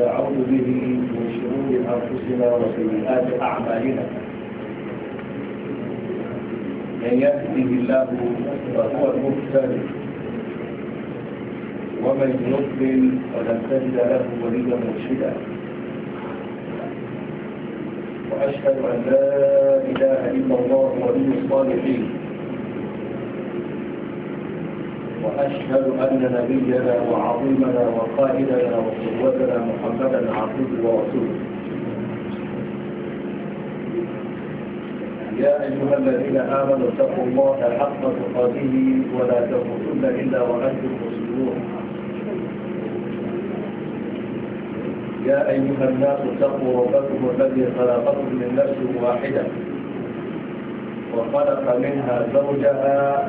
ونعوذ به من شرور أنفسنا وسيئات أعمالنا من يهده الله فهو المهتد ومن يضلل فلن تجد له وليا مرشدا وأشهد أن لا إله إلا الله ولي الصالحين وأشهد أن نبينا وعظيمنا وقائدنا وقوتنا محمدا عبده ورسوله يا أيها الذين آمنوا اتقوا الله حق تقاته ولا تموتن إلا وأنتم مسلمون يا أيها الناس اتقوا ربكم الذي خلقكم من نفس واحدة وخلق منها زوجها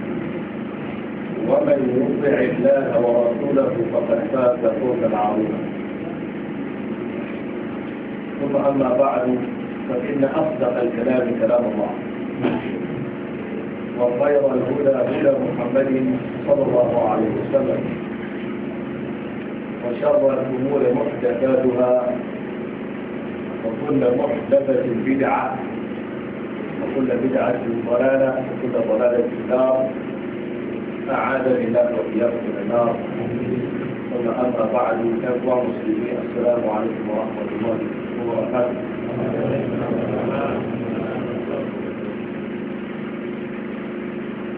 ومن يطع الله ورسوله فقد فاز فوزا عظيما ثم اما بعد فان اصدق الكلام كلام الله وخير الهدى هدى محمد صلى الله عليه وسلم وشر الامور محدثاتها وكل محدثه بدعه وكل بدعه ضلاله وكل ضلاله في النار أعاد بالله وإياكم إلى ثم أما بعد كفوا مسلمين السلام عليكم ورحمة الله وبركاته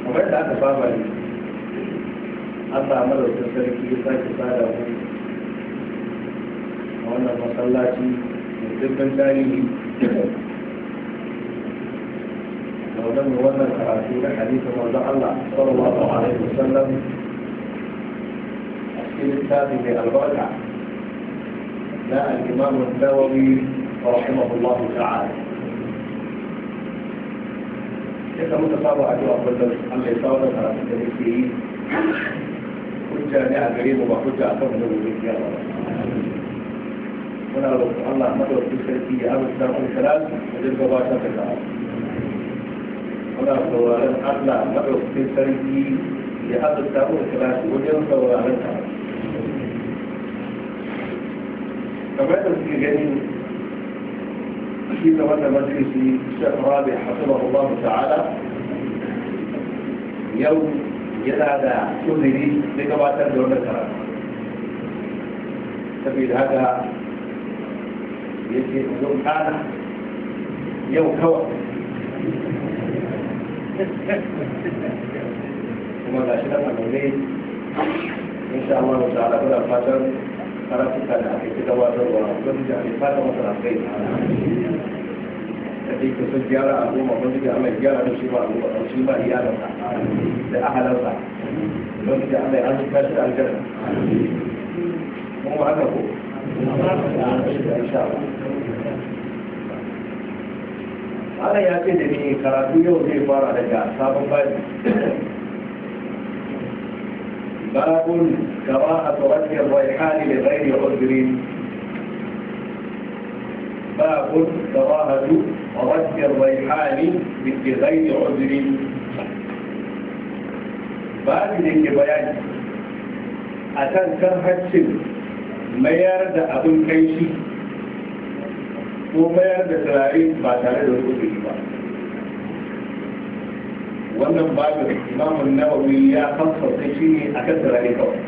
وبعد أن فاهمني أما عمله تسكري كي يساك سالة وأنا مصلاتي من ذنب تاريخي ولم يولد تعاسير حديث مرضى صلى الله عليه وسلم السيد الثالث الرجع لا الإمام النووي رحمه الله تعالى كيف متطابعة وقلت أن يصاب ثلاثة الإسرائيل حجة نعى كريم وحجة أكبر من الوزيكي الله ونعرف الله مدر في السلسية أبو السلام عليه السلام وجد قباشا muna sauraron Allah maɗaukakin sarki ya azurta mu da kalashi wajen sauraron ta kamar da suke gani shi da wannan majalisi shek rabi hasibahu Allah ta'ala yau yana da uzuri da gabatar da wannan karatu saboda haka yake zo kana yau kawai kuma ga shi nan a gaune insha Allah wa ta'ala kuna fatan da ake gabatarwa don da ake fata kai da ke sun gyara a goma da gyara da shi ba a goma shi ba da don da shi kashi aljanna kuma haka ko Allah ana ya ce da ni karatu yau zai fara daga sabon bayan babun kama a tsawakiyar bai hali da babun a hali da zai da ƙudurin babu da ke bayani a kan kan haccin mayar da abin kai shi ko mayar da turare ba tare da wani ba wannan babin imamun nawawi ya kamfanta shi ne a kan turare kawai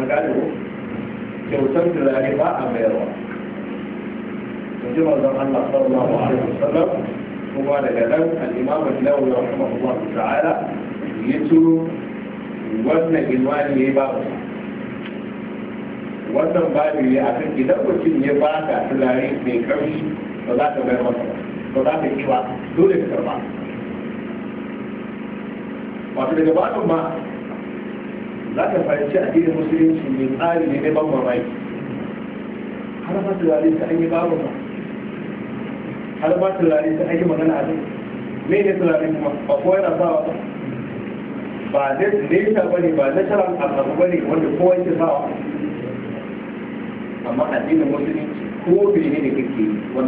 an gado ko kyautar turare ba a mayarwa mutum zan Allah sallallahu alaihi wasallam kuma daga nan al-imamun nawawi rahimahullahu ta'ala ya turo wannan imani ya yi babu wannan babu ne a kan idan mutum ya ba ka turare mai ƙarfi ba za ka bayar masa ba za ka yi ba dole ka karba wato daga babin ma za ka fahimci addinin musulunci mai tsari ne na ban mamaki har ma turare ta an yi babu ma har ma turare ta an yi magana a zai me ne turare kuma ba kowa yana sawa ba, ba nesa ba ne ba nasarar al'adu ba ne wanda kowai ke sawa. amma addinin musulmi ko ne da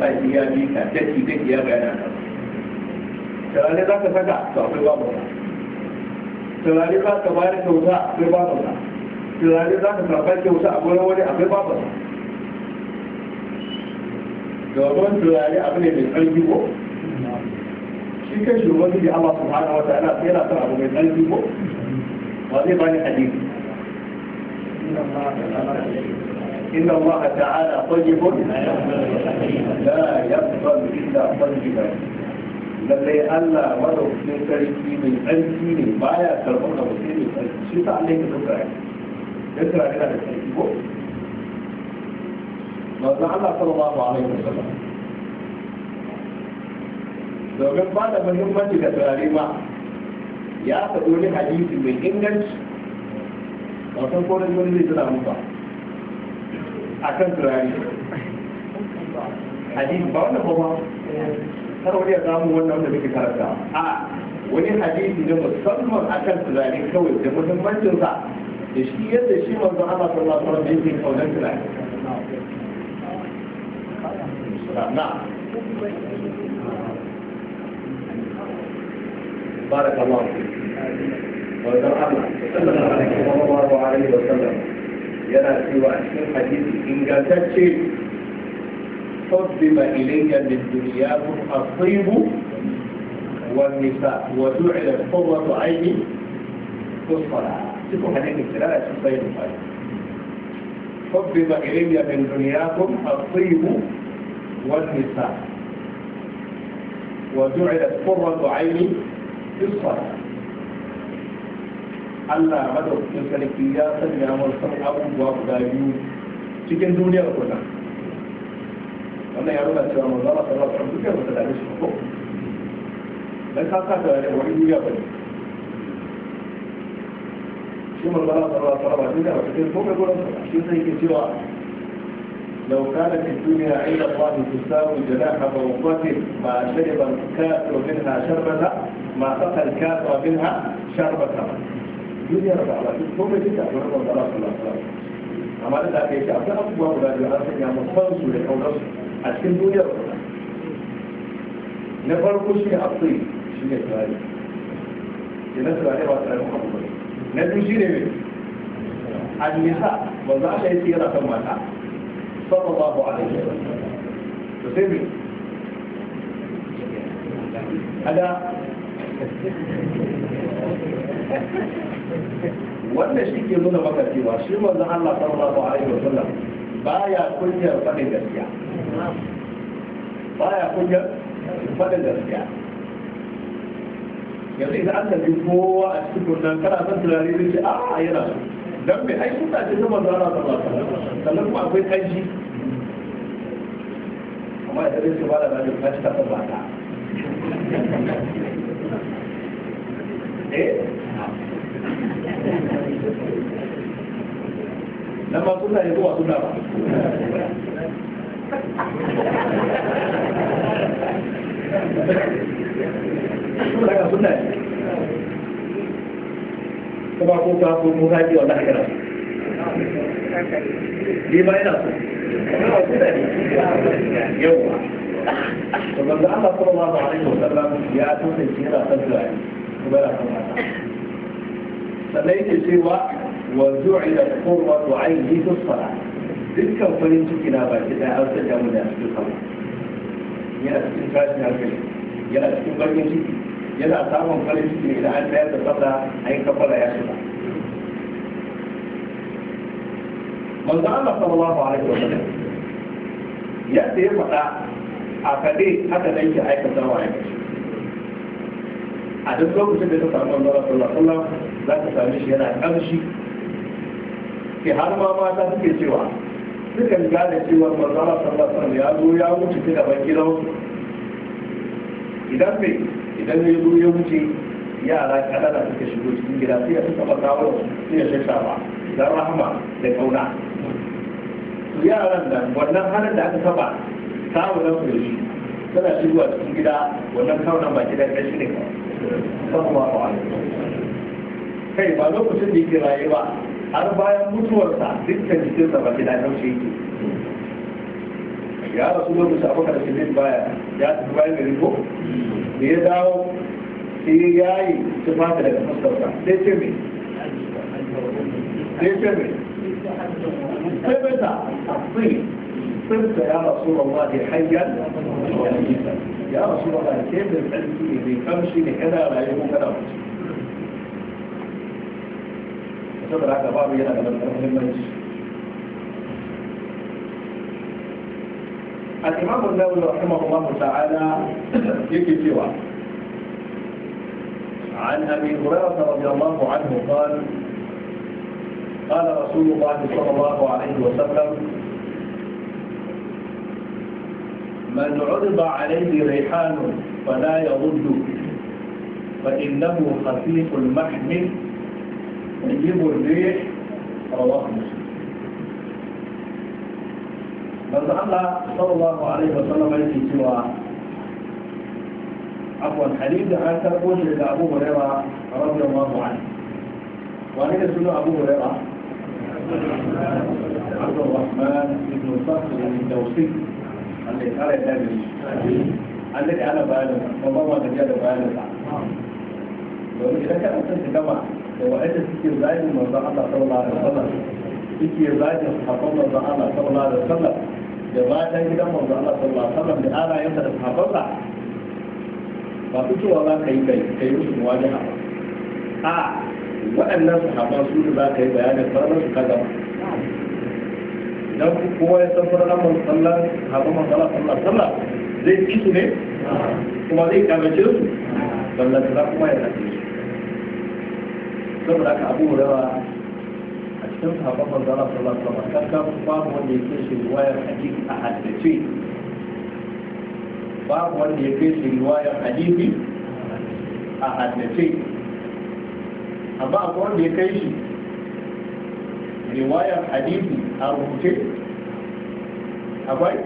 kake shi ya bi ka daki daki ya bayana ka turare za ka saka to akwai babu ka turare za ka bayar kyauta akwai babu ka turare za ka karɓar kyauta a gurin wani akwai babu ka domin turare abu ne mai ƙarfi ko shi kai shugaban da Allah subhanahu wa ta'ala sai yana son abu mai ƙarfi ko ba zai bani hadisi إن الله تعالى طيب لا يقبل إلا طيبا لذي ألا ولو في تركي من أنتي من بايا تربونا وسيري عليك تعليك ذكرى ذكرى كده بتركيبه مزعل الله صلى الله عليه وسلم لو جب بعد من يوم ما تجد تعليمة حديث من إنجلش وتنقول من اللي akan turare hadisi ba wanda kuma har wani ya samu wannan wanda muke karanta a wani hadisi na musamman akan turare kawai da muhimmancinsa da shi yadda shi manzo Allah sallallahu alaihi wasallam yake kaunar turare na بارك الله فيك وذكر الله صلى الله عليه وسلم yana cewa a cikin hadisi ingantacce فضل إلي من دنياكم الطيب والنساء وجعلت قرة عيني في الصلاة شوفوا حديث الثلاثة في إلي من دنياكم الطيب والنساء وجعلت قرة عيني في الصلاة Allah madaukakin sarki ya sanya wasu abubuwa guda biyu cikin duniyar guda wannan ya nuna cewa manzo Allah sallallahu alaihi wasallam dukkan wata da shi ko dan ka sa da wani duniya ba ne shi manzo Allah sallallahu alaihi wasallam duniya ba cikin ko ga gurin shi sai yake cewa لو كانت الدنيا عند الله تساوي جناح بعوضة ما شرب الكافر منها شربة ما سقى الكافر منها شربة duniya da alaƙi ko mai duka a wani ɓangaren kula amma da aka yi shi akwai abubuwa guda biyu an sanya musamman su da kaunarsu a cikin duniyar kula na farko shi ne akwai shi ne turare idan turare ba turare abu ba na biyu shi ne mai annisa ba za a yi tsira kan mata sallallahu alaihi wa sallam to sai mai ada wannan shi ke nuna maka cewa shi manzon Allah sallallahu alaihi wa sallam baya kunyar fadin gaskiya baya kunyar fadin gaskiya yanzu idan an tafi kowa a cikin kunnan kana son turare da shi a yana so don mai aiki ta ce zama zara ta ba sannan kuma akwai kanshi amma idan zai ce ba da rajin ta ta ba ta eh nan ba suna ne zuwa suna ba suna ka suna ne kuma ko ka ko mun ba wannan haka nan ni ma ina so yawa Kuma manzo Allah sallallahu alaihi wasallam ya tsaye shi yana son zuwa kuma yana son mata صليت سوى وجعل قرة عيني في الصلاة تلك وفرنت كنابة إذا أرسل جامدة في الصلاة يا أستفاد من الفيلم يا أستفاد من الفيلم يا أصحاب من فرنت إلى أن بيت الصلاة أي كفر يا شبا من قال صلى الله عليه وسلم يا سيدي فتا أفادي حتى نجي أي كفر وعينك أدفعوا بسيطة من الله sallam za ka same shi yana ƙamshi ke har ma mata suke cewa sukan gane cewa manzala sallallahu ya zo ya wuce ta gaban gidansu idan me idan ya zo ya wuce yara kanana suka shigo cikin gida sai ya suka kawo sai ya shashafa don rahama da kauna su yaran nan wannan halin da aka saba kawo nan da shi suna shigowa cikin gida wannan kawo nan ba gidan kashi ne ba sallallahu alaihi kai ba lokacin da yake raye ba har bayan mutuwarsa dukkan jikinsa ba da dan shi yake ya rasu da musu abokan da shi baya ya tafi bayan gari ko me ya dawo sai ya yi su fata daga fuskarsa sai ce me sai ce me sai bai ta sun ta ya rasu da ma da hanyar ya rasu da ma da ke da tsarki ne kamshi da yana rayuwa kada mutu الإمام haka babu yana da matuƙar muhimmanci al عن أبي هريرة رضي الله عنه قال قال رسول الله صلى الله عليه وسلم من عرض عليه ريحان فلا يضد فإنه خفيف المحمل يجيبوا الريح رواه مسلم بس الله صلى الله عليه وسلم يجي سوى عفوا حديث عن تربوش إلى أبو هريرة رضي الله عنه وعن سنة أبو هريرة عبد الرحمن بن صخر الدوسي الذي قال النبي الذي أنا بعلمه والله ما تجد بعلمه نعم. وإذا كان أنت جماعة da wa'anda suke zagin manzon Allah sallallahu alaihi wasallam suke zagin sahabban Allah sallallahu alaihi da gidan Allah da da za ka yi kai kai musu waɗannan sahabban su da za ka yi bayanin su kaza dan kowa ya san sallallahu zai ci su ne kuma zai kamace su ballan kuma ya tafi su saboda ka abu rawa a cikin sahabban manzo Allah sallallahu alaihi wasallam kan kan babu wanda ya kai shi riwayar hadisi a haddace babu wanda ya kai shi riwayar hadisi a haddace amma akwai wanda ya kai shi riwayar hadisi a rubuce akwai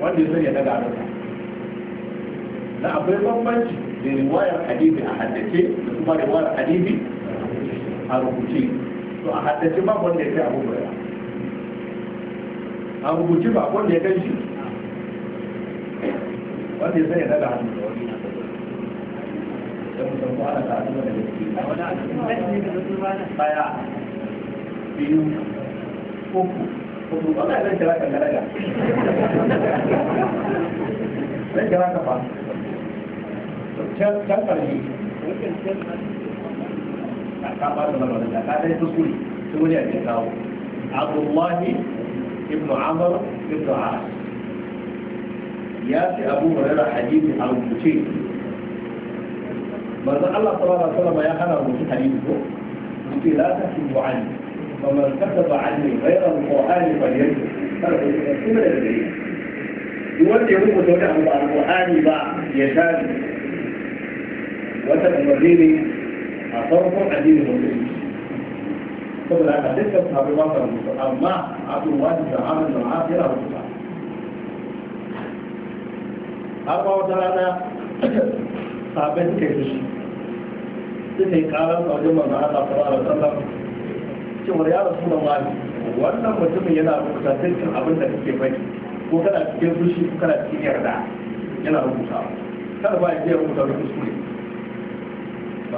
wanda ya sanya daga a na akwai bambanci da riwayar hadisi a haddace da kuma riwayar hadisi a rubuce to a haddace ba wanda ya kai abu baya a rubuce ba wanda ya kai shi wanda ya sanya daga hannu da wani baya ta ƙarshe ta ba da lamarin da ta ɗaya kuskure su ne ke ibn amr ibn as ya ce abu hurairah hadisi a rubuce manzon Allah sallallahu alaihi wasallam ya hana rubuce hadisi ko yake la ta shi bu'ani da وجد الوزير أصابه عديد قبل أن أدفت أبي بكر أما عبد الواجب سعاد بن عاص إلى رسول الله أربعة وثلاثة ثابت كيفش تنهي قال رجل من هذا صلى الله عليه وسلم شوف يا رسول الله wannan mutumin yana rubuta dukkan abin da kake bai ko kana cikin fushi ko kana cikin yarda yana rubutawa kada ba ya je rubuta duk kuskure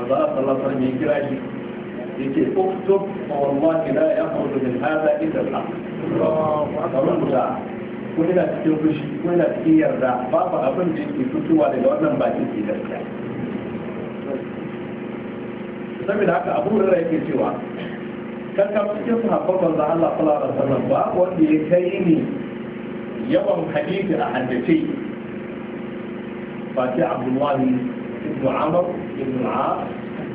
manzo Allah sallallahu alaihi wasallam kira shi yake uktub fa wallahi la yakhruju min hadha illa al-haq kamar da ko ina cikin fushi ko ina cikin yarda babu abin da yake fitowa daga wannan bakin ke gaskiya saboda haka abu da yake cewa kan kankan cikin sahabban manzo Allah sallallahu alaihi wasallam ba wanda ya kai ni yawan hadisi a haddace Fati Abdullahi ibn Amr بن العاص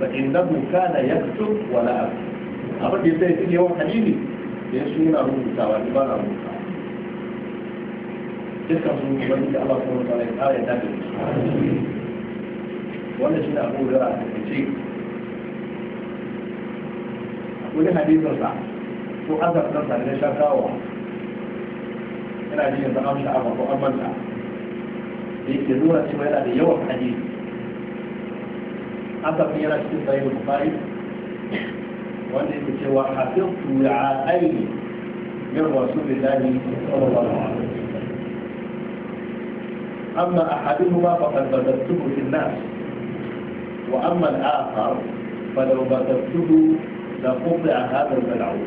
فإنه كان يكتب ولا أكتب أبدا يبدأ يوم حديثي يسون أبو موسى وإبان أبو موسى تلك رسول الله الله سبحانه وتعالى آية تابعة وأنا شنو أقول لها شيء أقول حديث رسع ko azar ɗan sa da sha kawo yana ji yanzu an sha'awa ko an manta da yake حدث يرى الشيء البخاري وأني بتوا حفظت وعائي من رسول الله صلى الله عليه وسلم أما أحدهما فقد بدرته في الناس وأما الآخر فلو بدرته لقطع هذا الملعون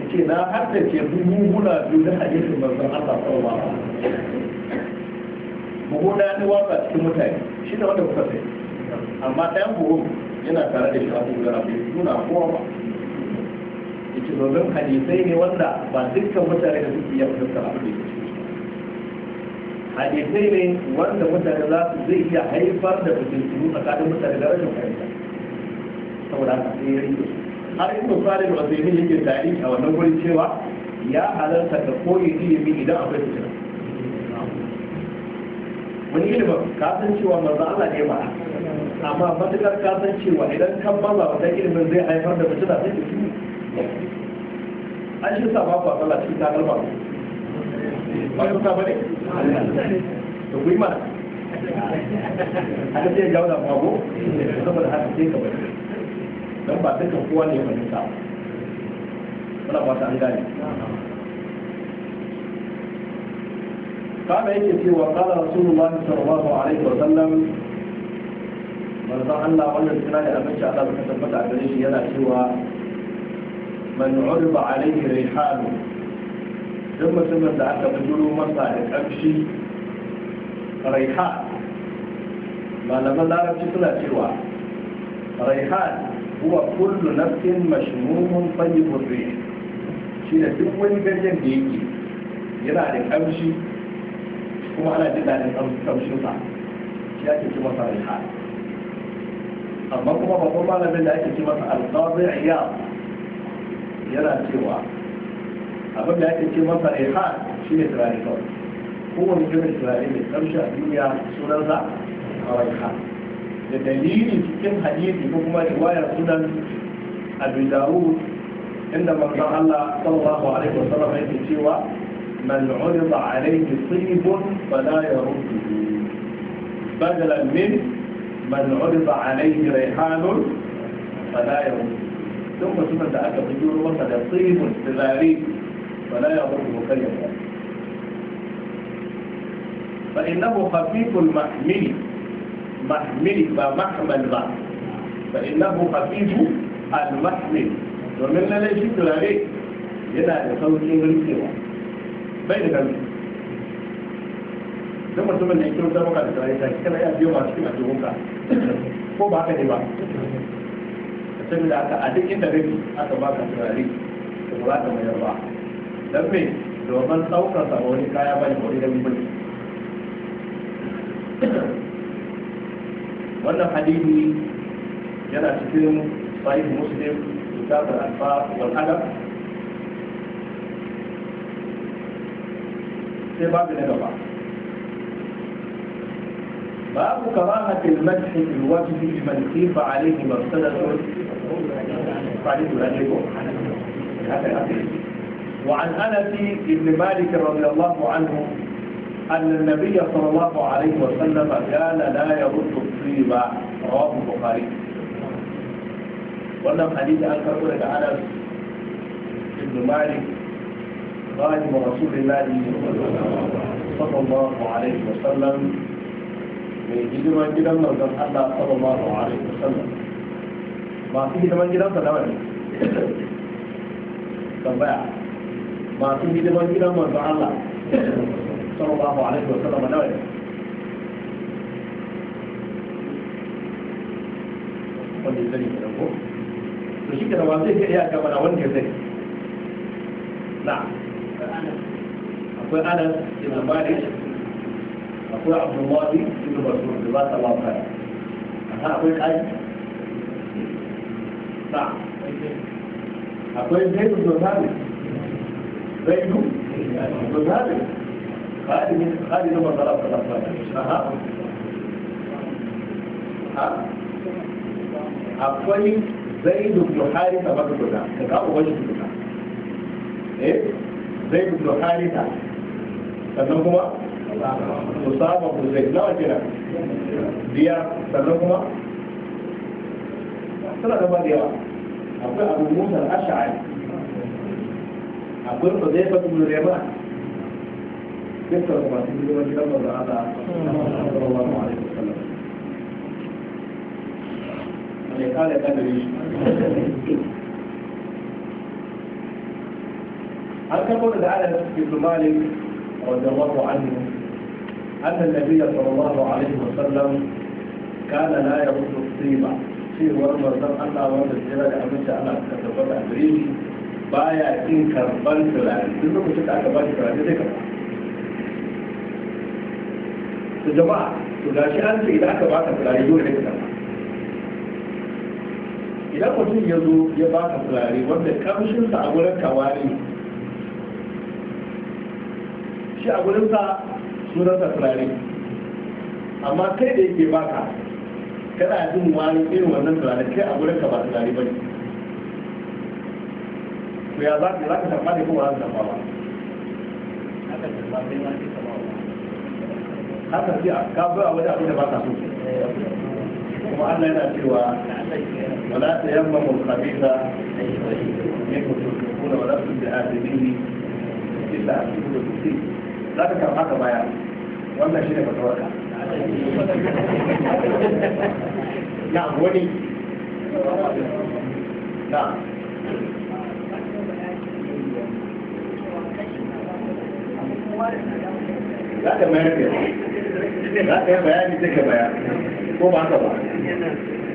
لكن لا حتى يبدو هنا دون حديث من صلى الله عليه وسلم وهنا نوابت كمتاك شنو هذا مفتح amma ɗayan buhun yana tare da shi abu gara bai nuna kowa ba yace domin hadisai ne wanda ba dukkan mutane da suke iya fahimtar abu da yake hadisai ne wanda mutane za su zai iya haifar da fitintunu tsakanin mutane da rashin fahimta saboda haka sai ya rike har ibnu salih al-usaymin yake tari a wannan wurin cewa ya halarta ka koyi ilimi idan akwai fitina wani ilimin ka san cewa manzo Allah ne ba amma matukar ka san cewa idan kan maza wata ilimin zai haifar da mutum da sai da an shi sa ba ba a sallah cikin kalma ba ku ba bane to ku yi mana haka sai ya jawo da mago saboda haka sai ka bari don ba duka kowa ne fahimta ba ta an gane قال يجي في وقال رسول الله صلى الله عليه وسلم manzon Allah wannan suna da abinci Allah ba tabbata a gare shi yana cewa man urba alaihi rihalu duk mutumin da aka bujuro masa da kamshi raiha malaman larabci suna cewa raihan huwa kullu nafsin mashmumun tayyibur rih shi da duk wani ganyen da yake yana da kamshi kuma ana jin daɗin kamshinsa shi ake ce masa raihan amma kuma babban malamin da ake ce masa alƙawar ya yana cewa abin da ake ce masa rehan shi ne turare kawai kowane irin turare mai kamshi a duniya sunansa a rehan da dalilin cikin hadisi ko kuma riwayar sunan abu dawud inda manzon Allah sallallahu alaihi wasallam yake cewa man urida alaihi tibun fala yaruddu badalan min من عرض عليه ريحان فلا يرم ثم ثم تأتى الغيور وقد يصيب السلالي فلا يرم خيرا فإنه خفيف المحمل محمل فمحمل بعض فإنه خفيف المحمل ومن لا يشد عليه يدعى لصوت الانسوى بين كم ثم ثم نحكي وزاوكا لتعيشها كلا يأتي يوم عشكي مجهوكا ko ba ka ne ba saboda haka a duk inda rabi aka ba ka turare da ba ka mayar ba don me domin ɗaukar sa wani kaya ba ne wani rabi ba ne wannan hadisi yana cikin sahih muslim kitabul alfa wal adab sai babu na gaba باب كراهة المدح في الوجه لمن خيف عليه مرسلة وعن أنس بن مالك رضي الله عنه أن النبي صلى الله عليه وسلم كان لا يرد الطيب رواه البخاري ولم حديث an karɓo daga anas ibn malik غالب رسول الله صلى الله عليه وسلم mai hidimar gidan manzon Allah sallallahu alaihi wasallam masu hidiman gidansa nawa ne tambaya masu hidiman gidan manzon Allah sallallahu alaihi wasallam nawa ne wanda ya sani kenan ko to shi kenan ba zai ya ga mana wanda ya sani na akwai anas ibn malik akwai abdullahi ibn mas'ud da ba ta ba ka ta akwai kai ta akwai zai da zabi zaidu da zabi kadi ne kadi na masala ta lafa aha akwai zaidu da harisa ba ta guda ka ga wani shi guda eh zaidu da harisa sannan kuma Usama Hussein nawa kira biya sannan kuma suna da da yawa akwai abu musa ash'ari akwai huzaifa ibn rayman dukkan kuma sun zama gidan manzo Allah sallallahu alaihi wasallam ne kare kadari an kafo da Anas ibn Malik radiyallahu anhu أن النبي صلى الله عليه وسلم كان لا يرد الطيبة في ورم الزر أن أرد الزر لأن أنا كتبت أمريكي بايا إن كربان فلاني إذا كنت أكبر فلاني ذلك الجماعة تلاشي أنت إذا أكبر فلاني يجور حيث كما إذا كنت يدو يباك فلاني وانت كمشن تأولك كواري شي أقول لك da turare amma kai da yake baka kana jin wani irin wannan turare kai a gurin ka ba turare ba ne ku ya za ka za tafa shafa ne kuma za ka shafa ba haka sai a ka a wani abin da ba ka so kuma an yana cewa wala ta yamma mun kabisa ne ko tukuna wala tu bi hadhihi illa fi kulli za ka karɓa ka baya wannan shi ne fatawarka na wani na za ka mayar da za ka yi bayani sai ka baya ko ba ka ba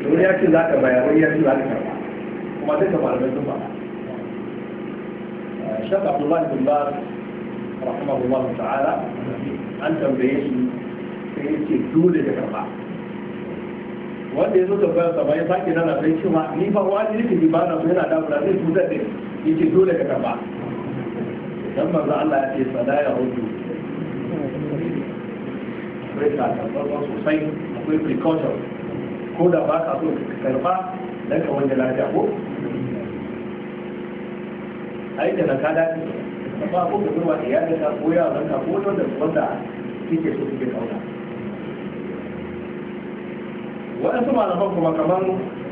to ya ce za ka baya wani ya ce za ka karɓa kuma duka malamai sun faɗa shaka Abdullahi bin Bar rahimahullah ta'ala an tambaye shi sai ya ce dole da karba wanda ya zo tambayar sa bayan sake nana sai ce ma ni fa wani ne ki ba na so yana damuna zai cutar da ni ce dole da karba dan manzo Allah ya ce sada ya hudu sai ka karba sosai akwai precaution ko da ba ka so ka karba dan ka wanda lafiya ko ai da na ka dace ka ba ko ka zuwa iyalinka ko yaranka ko wanda wanda kike so kike kauna waɗansu malaman kuma kamar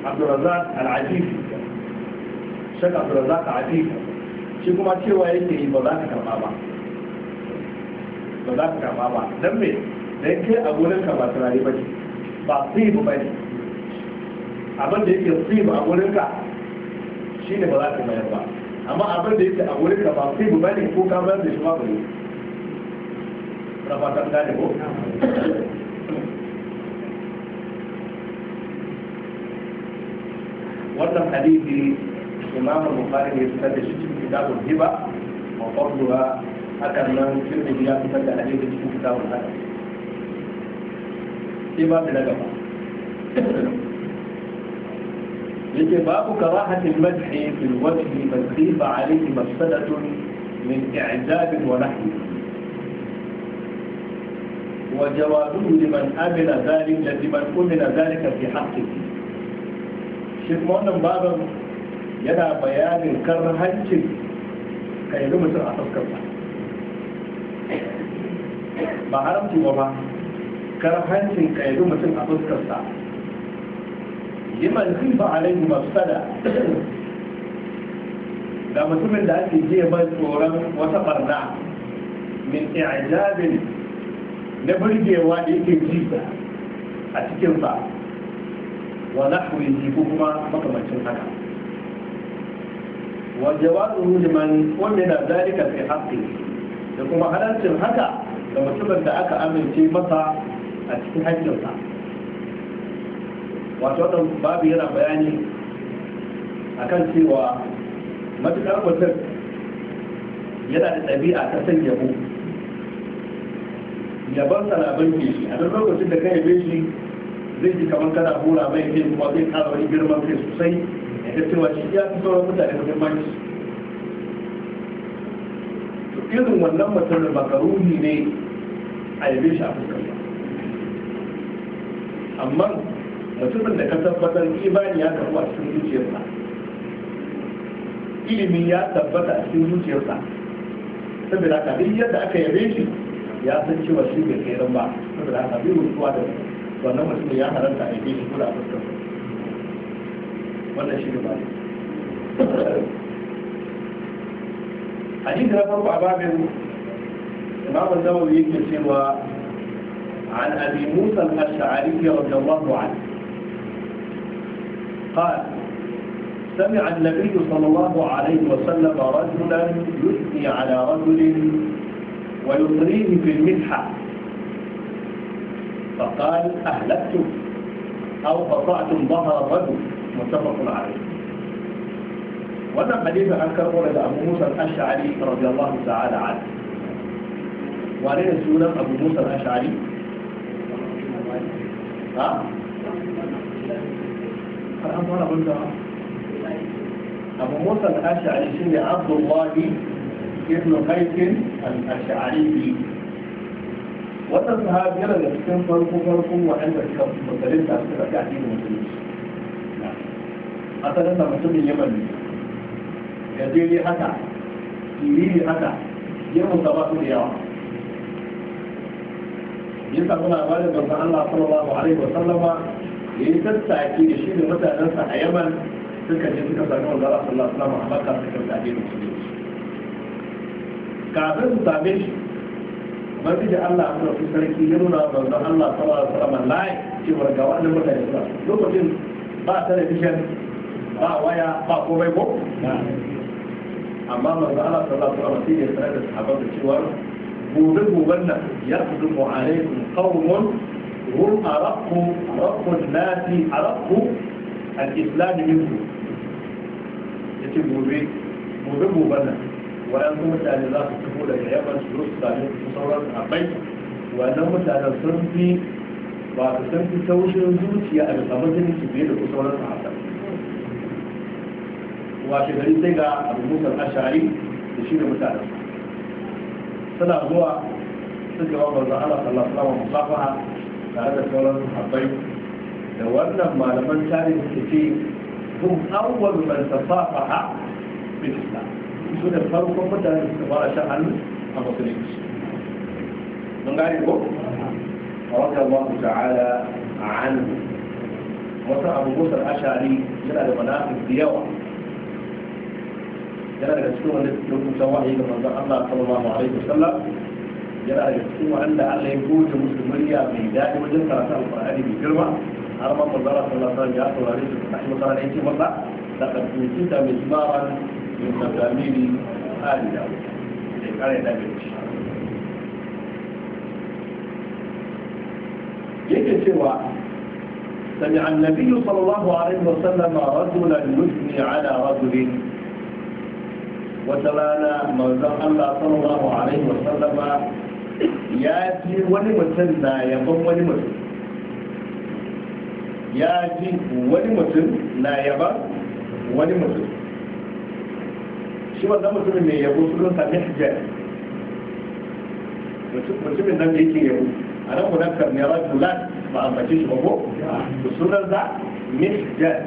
abdurazak al'ajifi shek abdurazak al'ajifi shi kuma cewa yake yi ba za ka karɓa ba ba za ka karɓa ba Dan me don kai a gurinka ba turare ba ne ba tsibu ba ne abin da yake tsibu a gurinka shi ne ba za ka mayar ba amma abin da yake a wurin ka ba sai ba bane ko ka bar da shi ba ne rafa kan gane ko wannan hadisi imam al-bukhari ya fitar da shi cikin kitabul hiba wa fadluha hakan nan tirmidhi ya fitar da hadisi cikin kitabul hadisi sai ba da gaba yake babu karahatin madhi fil wajhi man khifa alayhi mafsadatun min i'jab wa nahwi wa jawabuhu liman amila dhalika liman umila dhalika fi haqqihi shi wannan baban yana bayanin karhancin kai mutum a fuskarsa ba haramci ba ba karhancin kai mutum a fuskarsa liman zifa alaihi mafsada da mutumin da ake je ban tsoron wata barna min i'jabin na burgewa da yake jisa a cikin sa wa nahwihi ko kuma makamancin haka wajen wa jawazu liman umina zalika fi haqqi da kuma halarcin haka da mutumin da aka amince masa a cikin haƙƙinsa wato wannan babu yana bayani akan cewa matuƙar mutum yana da ɗabi'a ta san yabo yabon sarabin ke shi a duk lokacin da ka yabe shi zai ji kamar kana hura mai ke kuma zai ƙara wani girman kai sosai ya ga cewa shi ya fi sauran mutane muhimmanci irin wannan mutumin makaruni ne a yabe shi a fuskar amma mutumin da ka tabbatar imani ya karbu a cikin zuciyarsa Ilimin ya tabbata a cikin zuciyarsa saboda haka duk yadda aka yabe shi ya san cewa shi bai tseren ba saboda haka bai rutuwa da wannan mutum ya haranta a yabe shi kula a fuskar wannan shi ne ba hadisi na farko a babin imam an yake cewa عن ابي موسى الاشعري رضي الله عنه قال سمع النبي صلى الله عليه وسلم رجلا يثني على رجل ويطريه في المدحة فقال أهلكتم أو قطعتم ظهر الرجل متفق عليه wannan حديث an karɓo أبو موسى الأشعري رضي الله تعالى عنه وعلينا ne أبو موسى الأشعري ها؟ har an fara banda abu musa al-ash'ari shine abdullahi ibn qais al-ash'ari wannan sahabi yana da cikin farko farkon waɗanda suka musulun da suka ga addinin musulunci asalin da mutumin yaman ne gajere haka iriri haka yawan da ba su da yawa yin samu labarin manzon Allah sallallahu alaihi wa sallama ya yi tattaki da shi da mutanensa a yaman suka je suka sami wanzar a sallallahu alaihi wasallam a makka suka sami da shi kafin su same shi mafi da Allah a sarki ya nuna wanzar Allah sallallahu alaihi wasallam lai cewar ga wannan mutane suna lokacin ba talabishin ba waya ba komai ko amma manzo Allah sallallahu alaihi wasallam sai ya sanar da sahabbai cewa gobe goben nan ya kudu alaikun alaikum هم أرق أرق الناس أرق الإسلام منه يتبوا به مذبوا بنا وأنتم متعلم الله تقول يا يمن سلوك صالح تصورات عبيت وأنهم متعلم صنفي بعد صنفي توجه زوجي أن تمزني كبير تصورات عبيت washe gari sai ga abu musa ashari da shi da mutane suna zuwa suka wa manzan Allah sallallahu alaihi wasallam musafaha tare da sauran sahabbai da wannan malaman tarihi suke ce hum awwal man safaha bil islam su da farkon mutane da suka a shan hannu a musulunci mun gane ko رضي الله تعالى عنه مثلا أبو موسى الأشعري yana da manafis da yawa yana daga cikin wanda suke rubuta wahayi ga manzon Allah sallallahu alaihi wasallam yana da cikin wanda Allah ya goce musu murya mai daɗi wajen karatu alƙur'ani mai girma har ma manzara sallallahu alaihi ya saurare shi a cikin masana yake masa da karfi da mai zubaran min mazamiri ali da ya kare da mai shi yake cewa سمع النبي صلى الله عليه وسلم رجلا يثني على رجل وترانا من الله صلى الله عليه وسلم ya ji wani mutum na yaban wani mutum ya ji wani mutum na yaban wani mutum shi wanda mutumin mai yabo don sami hijjar mutumin nan da yake yabo a nan gudan karnera julat ba a mace shi ba ko sunan za mihjar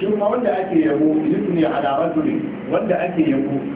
shi kuma wanda ake yabo idan ne a rajuli wanda ake yabo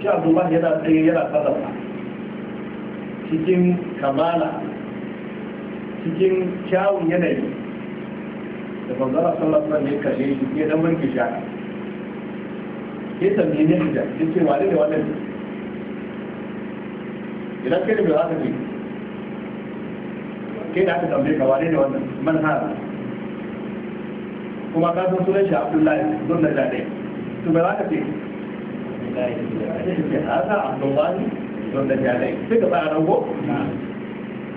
shi abdullahi yana tsaye yana sadaka cikin kamala cikin kyawun yanayi da manzara sallallahu alaihi wasallam ne shi ya dan barki shaka ya tambaye ne hijja ya ce wane ne wannan idan kai ne bai haka ne kai da aka tambaye ka wane ne wannan man har. kuma ka san sunan shi abdullahi don da jade to za ka ce هذا عبد الله wanda jalai sai ga bayan rago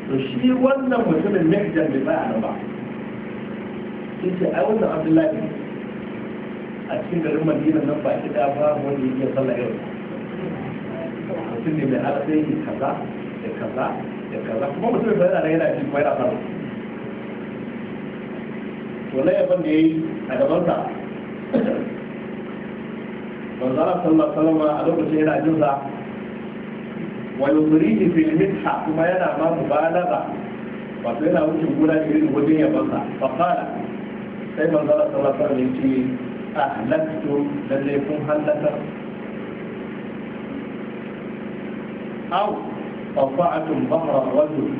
to shi wannan mutumin mihjan bai bayan ba yace ai wannan abdullahi a cikin garin madina nan ba shi da ba wanda yake sallah yau mutum ne mai alaƙa yi kaza da kaza da kaza kuma mutumin bai yana yana ji kuma yana sallah to laifin da ya yi a gabansa manzara sallallahu alaihi wasallam a lokacin yana jin sa wa yuzrihi fil mitha kuma yana ma mubalaga wato yana wuce gona da irin wajen yaban sa fa qala sai manzara sallallahu alaihi wasallam yace ahlaktu lalle kun halaka aw qata'atum bahra rajul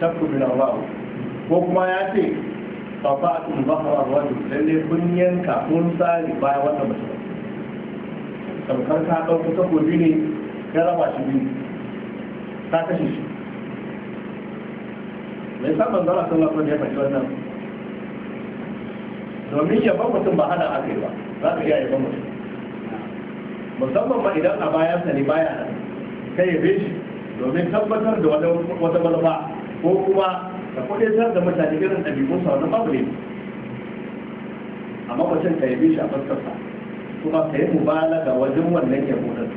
shakku min Allah ko kuma ya ce qata'tum dhahra wani lalle kun yanka kun sari baya wata ba saukar ka dauko takobi ne ya raba shi biyu ta kashe shi me yasa manzon sun sallallahu alaihi wasallam ya faɗi wannan domin yaban mutum ba hana aka yi ba za ka iya yaban mutum musamman ma idan a sa ne baya nan kai yabe shi domin tabbatar da wata manufa ko kuma ka kudin da mutane irin ɗabi'un sa wannan babu ne amma mutum ka yabe shi a fuskarsa kuma ka yi ga wajen wannan yabo din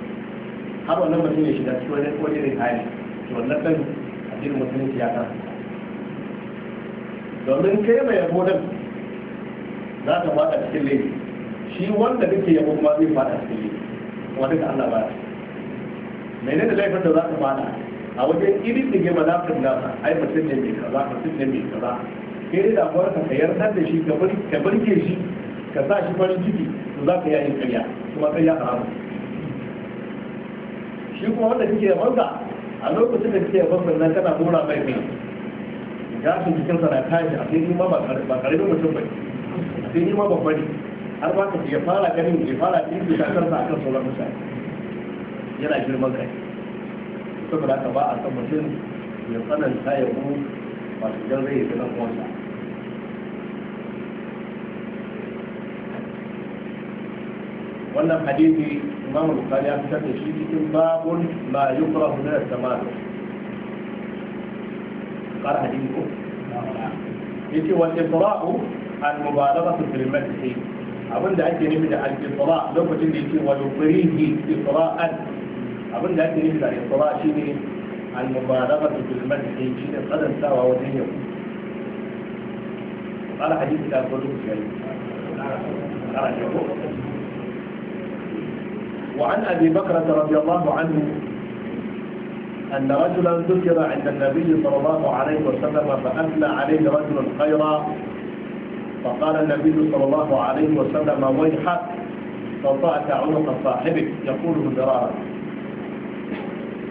har wannan mutum ya shiga cikin wani wani irin hali to wannan ɗin addinin musulunci ya karanta domin kai mai yabo din za ka fada cikin laifi shi wanda kake yabo kuma zai fada cikin laifi wanda ka Allah ba menene laifin da za ka fada a wajen irin da gema za ka gasa ai mutum ne mai kaza mutum ne mai kaza kai da damuwar ka yarda da shi ka burge shi ka sa shi farin ciki to za ka yi karya kuma karya a hannu shi kuma wanda kike yabon banza a lokacin da kake yabon sannan kana mura mai kai gashin jikinsa na tashi a sai ni ma ba karamin mutum bai a sai ni ma babba har ba ka ya fara ganin ya fara ɗin da shakarsa a kan sauran mutane yana girman kai saboda haka ba a san mutum ya tsananta ya ku masu jan zai yi ɗan uwansa wannan hadisi imamu bukari ya fitar da shi cikin babun ma yukrahu min at-tamadu qara hadisi ko yace wa itra'u al-mubalaghatu fil madhi abinda ake nufi da al-itra lokacin da yake wa yuqrihi itra'an abin da ake nufi da isra shi ne al-mubalaghatu bil madhi shi ne tsadantawa wajen yau قال حديث كتاب قلوب يعني. وعن أبي بكرة رضي الله عنه أن رجلا ذكر عند النبي صلى الله عليه وسلم فأثنى عليه رجل خيرا فقال النبي صلى الله عليه وسلم ويحك قطعت عنق صاحبك يقوله مرارا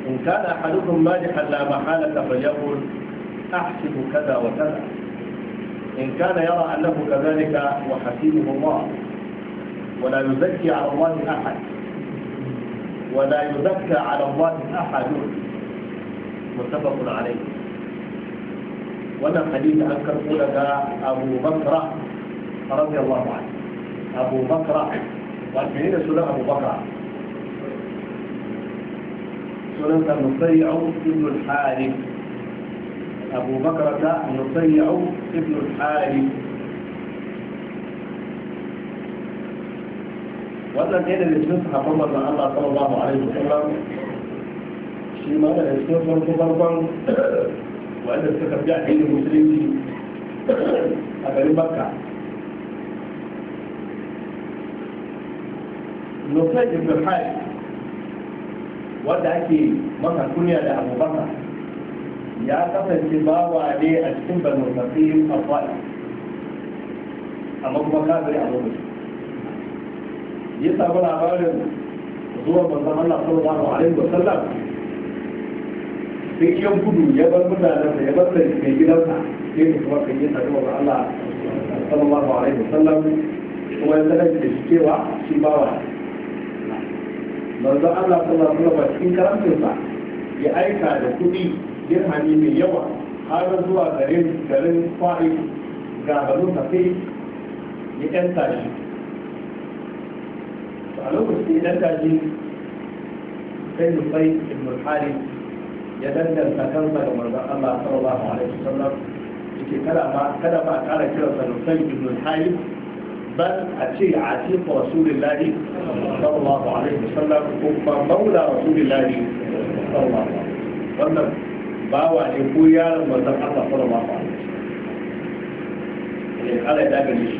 إن كان أحدكم مالحا لا محالة فليقل أحسب كذا وكذا إن كان يرى أنه كذلك وحسيبه الله ولا يزكي على الله أحد ولا يزكى على الله أحد متفق عليه وانا حديث أذكر قولك أبو بكر رضي الله عنه أبو بكر والمنين سؤال أبو بكر سلمة النصيع ابن الحارث أبو بكرة النصيع ابن الحارث وأنا كان الاسم صحاب الله صلى الله عليه وسلم في مدى الاسم صحاب الله وأنا استخدم يعني المسلمين أبو بكرة نصيع ابن الحارث wanda ake masa kunya da abubakar ya kasance bawa ne a cikin banu tafiyar abuwa amma kuma kafiri a lokaci ya samu labarin zuwa manzan Allah sallallahu alaihi wa sallam sai yan gudu ya bar mutanensa ya bar sai mai gidansa sai da kuma kan yi tare wa Allah sallallahu alaihi wa sallam kuma ya sanar da shi cewa shi bawa ne manzo Allah sallallahu alaihi wasallam cikin sa ya aika da kuɗi dirhami mai yawa har zuwa garin garin fa'i ga banu tafi ya ɗan tashi a lokacin ɗan tashi sai nufai ibn hari ya danganta kansa da manzon Allah sallallahu alaihi wasallam yake kada ba kada ba ƙara kiransa nufai ibn hari بل أتي عتيق رسول الله صلى الله عليه وسلم ثم مولى رسول الله صلى الله عليه وسلم wannan bawa ne ko yaron manzon Allah sallallahu alaihi wasallam ne eh, ya daga shi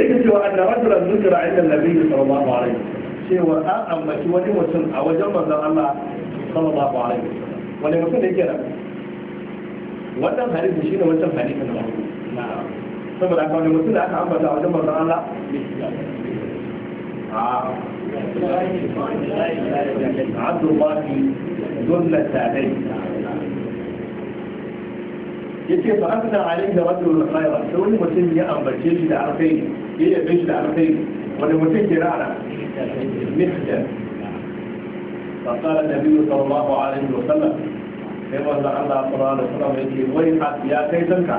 yake cewa anna rajulan nukira inda nabiyyi sallallahu alaihi cewa an ambaci wani mutum a wajen manzon Allah sallallahu alaihi wani mutum ne kenan wannan na saboda aka wani mutum da aka ambata wajen manzon Allah عبد الله ذل سالي yace fa asna alayhi rajulun khayra sai wani mutum ya ambace shi da alkhairi ya yabe shi da alkhairi wani mutum ke rana mihdan fa qala nabiyyu sallallahu alaihi wa sallam sai wanda Allah subhanahu wa ta'ala yake wai ya kai zanka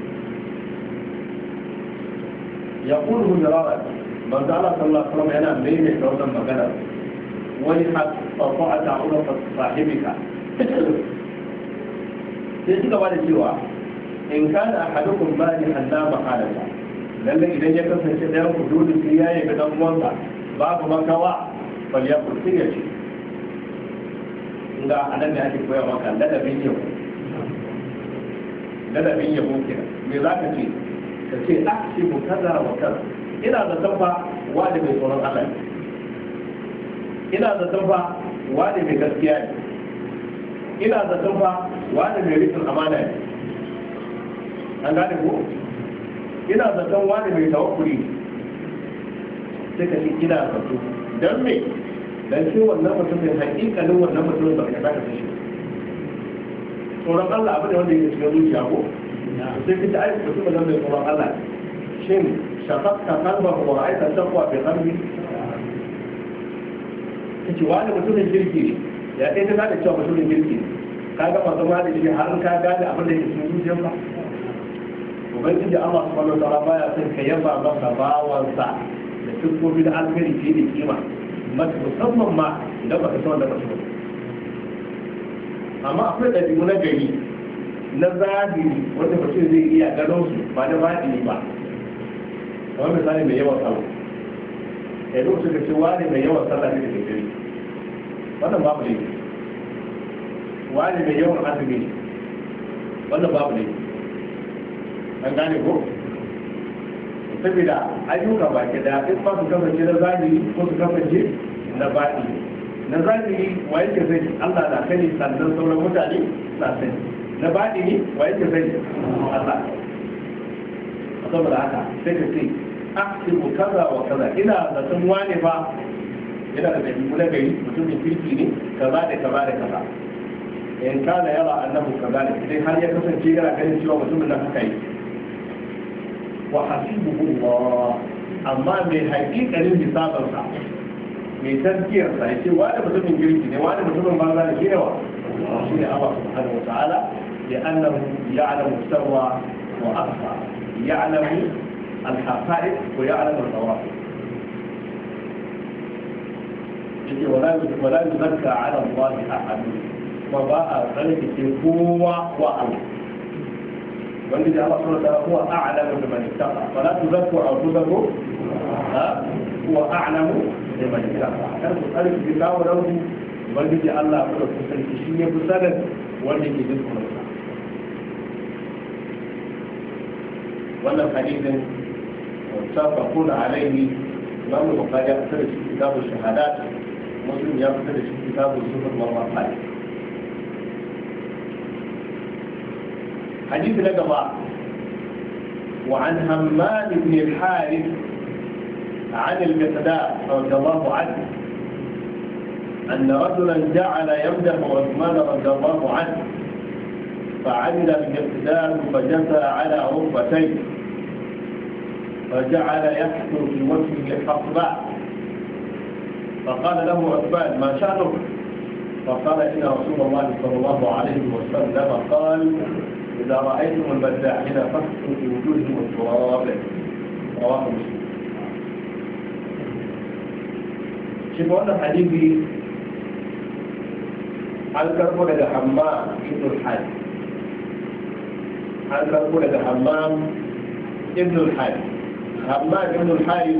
يقوله مرارا من زعل mai الله عليه وسلم أنا مين يحرون المقالة ولحق طاعة عرف صاحبك sai suka bada cewa in kana ahadukum balihan la mahalata lalle idan ya kasance da ku dole sai ya yi dan uwansa babu makawa fal ya kursiya ce inda anan ne ake koya maka ladabin yahu, ladabin yahu kira me ka ce ka ce ake ah, mu kaza wa kaza ina da fa wani mai tsoron Allah ne ina da fa wani mai gaskiya ne ina da fa wani mai rikin amana ne an gane ko ina zaton wani mai tawakkuli sai ka ce ina zato dan me dan shi wannan mutumin hakikalin wannan mutumin ba ka saka shi tsoron Allah abu ne wanda yake cikin zuciya ko sai kita aiki da kuma lambar kuma Allah shin shafakka kalmar kuma aika takwa fi kalmi ta ce wani mutumin kirki ya ɗaya ta gane cewa mutumin kirki ka ga masu ma da shi har ka gane abin da ke cikin zuciyar ba ubangiji Allah subhanahu wa ta'ala baya son ka yaba masa bawansa da siffofi da alkhairi fiye da kima mata musamman ma idan ba ka san wanda ba amma akwai ɗabi'u na gari na zahiri wanda mutum zai iya gano su ba da baɗi ba kamar misali mai yawan salo ya zo suka ce wani mai yawan sallah ne da gari wannan babu ne wani mai yawan azumi wannan babu ne an gane ko saboda ayyuka ba ke da in ba su kasance na zahiri ko su kasance na baɗi na zahiri wa yake zai Allah na kai sannan sauran mutane na sani na baɗini wa yake sani Allah saboda haka sai ka ce a ah, aksibu kaza wa kaza ina da zaton wane ba yana da mai na gari mutumin kirki ne kaza da kaza da kaza in kana yara annahu kaza da sai har ya kasance yana ganin cewa mutumin nan haka yi wa hasibuhu Allah amma mai haƙiƙanin hisabansa mai tazkiyarsa ya ce wa wani mutumin girki ne wani mutumin banza ne shi ne wa shi ne Allah subhanahu wa ta'ala لأنه يعلم السر وأخفى يعلم الحقائق ويعلم الروافق ولا يزكى على الله أحد وباء ذلك هو وأمر والذي الله سبحانه وتعالى هو أعلم بمن اتقى فلا تزكوا أنفسكم هو أعلم بمن اتقى كان تسألك بالله ولو والذي الله سبحانه وتعالى shi ya fi sanin wanda ke jin kuma ولا حديث تقول عليه لأنه قد يقترش كتاب الشهادات مسلم يقترش كتاب الزهر والمرحلة حديث لقضاء وعن همام بن الحارث عن المقداء رضي الله عنه أن رجلا جعل يمدح عثمان رضي الله عنه فعدل بالاقتدار فجثى على ركبتيه فجعل يحفر في وجهه حقبا فقال له عثمان ما شأنك فقال إن رسول الله صلى الله عليه وسلم قال إذا رأيتم المداحين فاحفروا في وجوههم التراب رواه مسلم شبهنا حديثي على an karbo حمام Hammam ibn an karko daga hammam Ibnul al-hari hammam ibn al-hari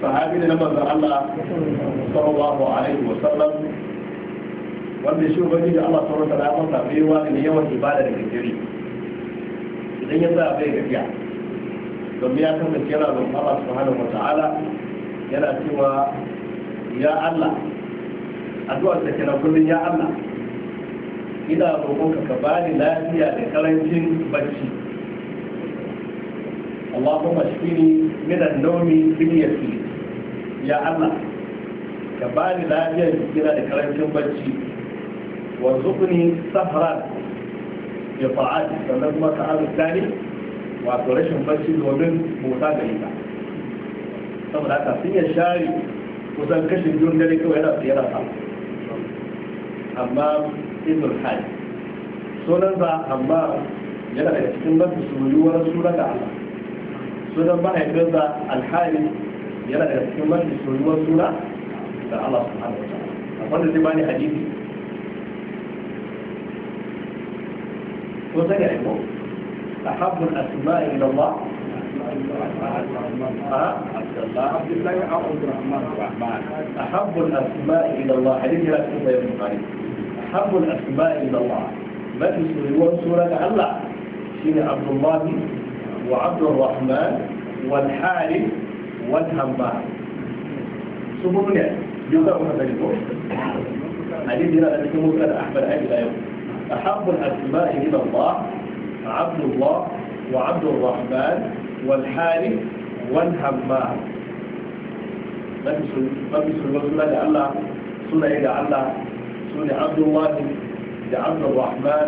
sahabi ne na manzon Allah sallallahu alaihi wa sallam wanda shi ubangi da Allah sauran ta dama ta baiwa ne yawan ibada da gajeri idan ya a bai gajiya domin ya kasance yana don Allah subhanahu wa ta'ala yana cewa ya Allah addu'ar da kenan kullum ya Allah ina roƙonka ka bani lafiya da karancin bacci Allahumma shfini min an-nawmi bil yasir ya Allah ka bani lafiya jikina da karancin bacci wa zuqni sahran ya ta'ati sannan kuma ka azurta ni rashin bacci domin mota ga ita saboda ka sun ya share kusan kashin biyun dare kawai yana tsaye na amma ibn hajj sunan sa amma yana da cikin mafi soyuwar sunan da Allah sunan mahaifinsa alhari yana da cikin mafi soyuwar suna da Allah subhanahu wa ta'ala wanda zai bani hadisi ko sani a ko أحب الأسماء إلى الله أحب الأسماء إلى الله حديث لا تكون غير مقارنة أحب الأسماء إلى الله ما يسمون سورة الله شين عبد الله وعبد الرحمن والحارث والهمام الله يقرأ هذا حديث هنا الذي يقول أحمد أجل يوم أحب الأسماء إلى الله عبد الله وعبد الرحمن والحارث والهمام ما في سورة الله سورة إلى الله يقول عبد الله لعبد الرحمن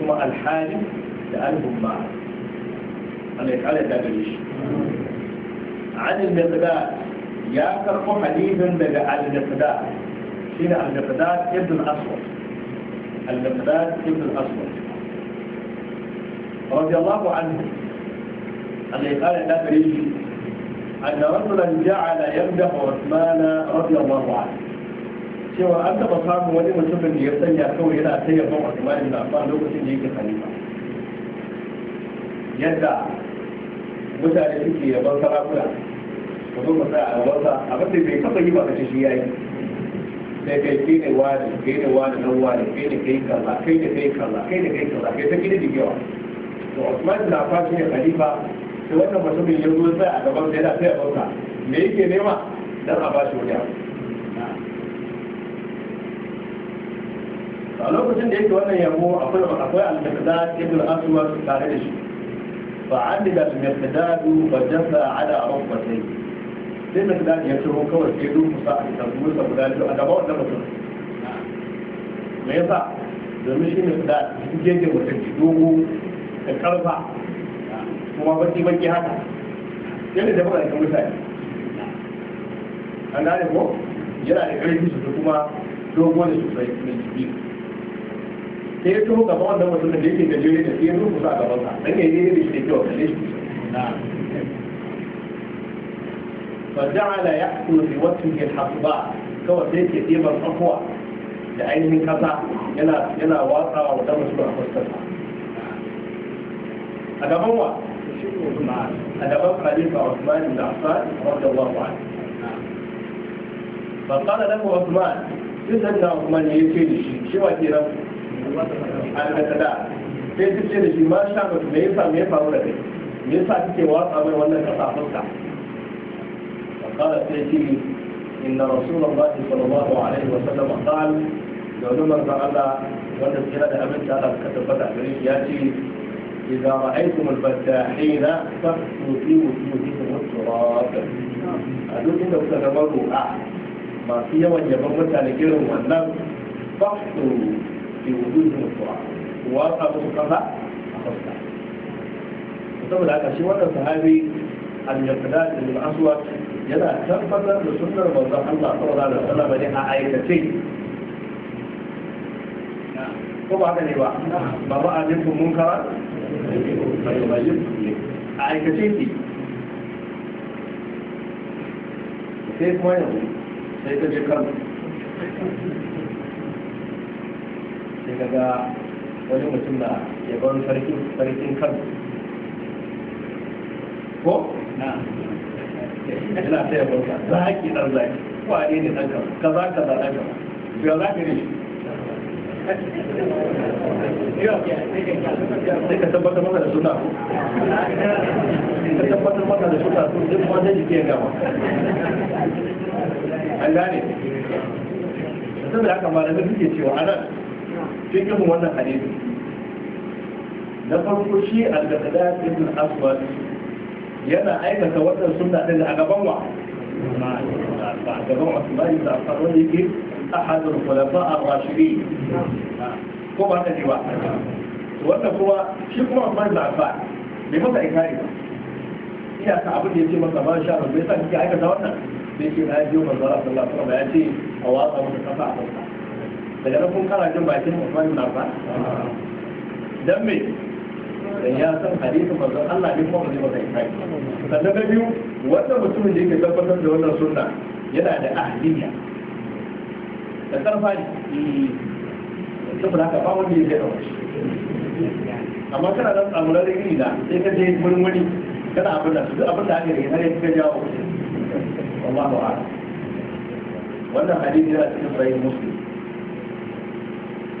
ثم الحالم لألهم معه أنا يقال يتابعيش عن المقداد يا كرق حديث بقى على المقداد شين المقداد ابن أسود المقداد ابن أسود رضي الله عنه أنا يقال يتابعيش أن رجلا جعل يمدح عثمان رضي الله عنه cewa an taɓa samun wani mutumin da ya sanya kawai yana ta yaban Usman ibn Affan lokacin da yake khalifa yadda mutane suke yaban sarakuna ka zo ka sa a wasa abin da bai taɓa yi ba kace shi yayi sai kai kai ne wani kai ne wani dan wani kai ne kai kaza kai ne kai kaza kai ne kai kaza kai ta gidi digewa to Usman ibn Affan shi ne khalifa sai wannan mutumin ya zo sai a gaban sai yana ta yabansa me yake nema dan a ba shi wani abu a lokacin da yake wannan yabo akwai akwai al-miqdad ibn aswad tare da shi fa adida al-miqdad wa jazza ala rabbatay sai miqdad ya turo kawai sai duk musa a tabbun sa guda biyu a gaba wannan mutum me yasa domin shi miqdad yake mutum dogo da karfa kuma baki baki haka yadda da ba kan mutane an gane ko yana da ƙarfi sosai kuma dogo da sosai mai jibi. sai ya tuhu gaban wannan mutum da yake da jere da sai ya tuhu kusa a gaban sa dan yayi ne da shi kyau kalle shi fa ja'ala ya'kulu bi wajhihi al-hasba kawai sai ke ɗiban akwa da ainihin kasa yana yana watsawa wa dan mutum a sa. a gaban wa a gaban khalifa Usman ibn Affan radiyallahu anhu fa qala lahu Usman sai da Usman ya ce shi shi kenan an na kada sai duk ce da shi ma sha mutu me yasa me faru da kai me yasa kike watsa mai wannan kasafinka ta kala sai shi inna rasulullahi sallallahu alaihi wa sallam qal da wani manzo Allah wanda ke da abin da Allah ka tabbata gare shi ya ce idza ra'aytum al-fattahin fa'tu fi wujuhikum at-turab a duk inda kuka ga maro a masu yawan yaban mutane irin wannan fa'tu fi wujuhihim sura wa ta musu kaza a fuska saboda haka shi wannan sahabi al-yaqda ibn aswad yana tabbatar da sunnar manzon Allah sallallahu alaihi wasallam ne a aikace ko ba haka ne ba ba ba a nufin munkara a aikace ki sai kuma yanzu sai ka je kan sai kaga wani mutum na yabon farkin farkin kan ko na yana ta yabon a zaki dan zaki wane ne dan ka za ka zaɗa ka ba za ka ne sai ka tabbatar maka da suna ko ka tabbatar maka da suna ko duk wanda jike ya gama an gane da haka malamai suke cewa nan. cikin wannan hadisi na farko shi al-gada ibn aswad yana aikata wannan sunna din a gaban wa a gaban Usman da Affan wanda yake ahadul khulafa ar-rashidin ko ba ta jiwa wanda kuma shi kuma Usman da Affan bai masa ikari ba ina ta abin da yake masa ba sha Allah bai san kike aikata wannan sai ke na ji manzo Allah sallallahu alaihi wasallam ya ce a watsa masa kafa a kansa daga nan kun jin bakin Usman na ba dan me dan ya san hadisi manzon Allah ne kuma bazai masa ikai sannan na biyu wannan mutumin da yake tabbatar da wannan sunna yana da ahliya da karfa ne saboda haka ba wanda yake da shi amma kana da da iri da sai ka je murmuri kana abin da su abin da ake da yana ya jawo wallahu a'lam wannan hadisi yana cikin sahih muslim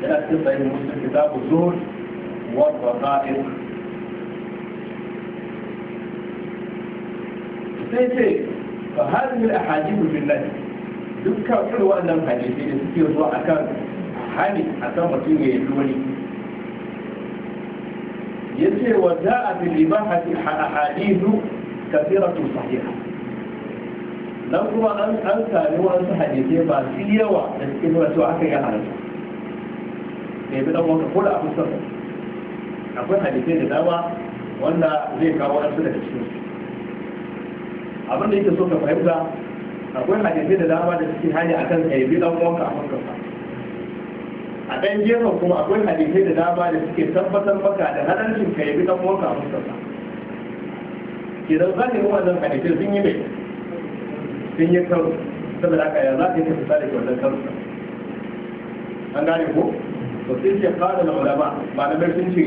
yana cikin sahihin muslim kitabu zuhud wa wasa'ir sai ce fa hadhihi al-ahadith billah dukkan irin wannan hadisi da suke zuwa akan hani akan mutum ya yi wani yace wa za'a bil ibahati ahadith kathiratu sahiha nan kuma an sami wasu hadisai masu yawa da suke zuwa cewa aka yi halatta ka yabi ɗan wanka ko da abin son akwai hadisai da dama wanda zai kawo wasu daga cikin su abin da yake so ka fahimta akwai hadisai da dama da suke hani akan ka yabi ɗan wanka a wanka a ɗan gefen kuma akwai hadisai da dama da suke tabbatar maka da hadancin ka yabi ɗan wanka a wanka idan za ka yi wannan hadisai sun yi mai sun yi karo saboda haka ya za ka yi ka fita da wannan karo an gane ko to sun ce qala al ulama malamai sun ce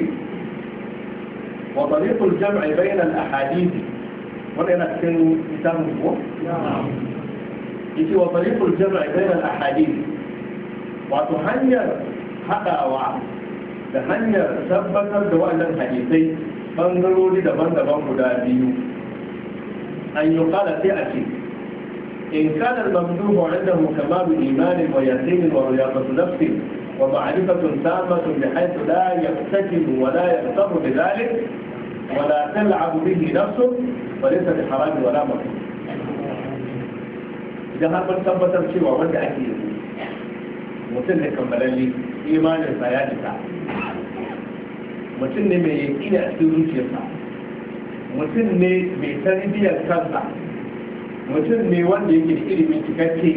wa wa tariqul jam'i bayna al ahadith hanyar hadawa da hanyar tabbatar da wannan hadisai bangarori daban-daban guda biyu an yi sai in imanin ومعرفة تامة بحيث لا يفتتن ولا يغتر بذلك ولا تلعب به نفسه فليس بحرام ولا مكروه idan har tabbatar cewa wanda ake yi mutum ne kammalalle imaninsa ya jika mutum ne mai yaƙini a cikin zuciyarsa mutum ne mai tarbiyyar kansa mutum ne wanda yake da ilimin cikakke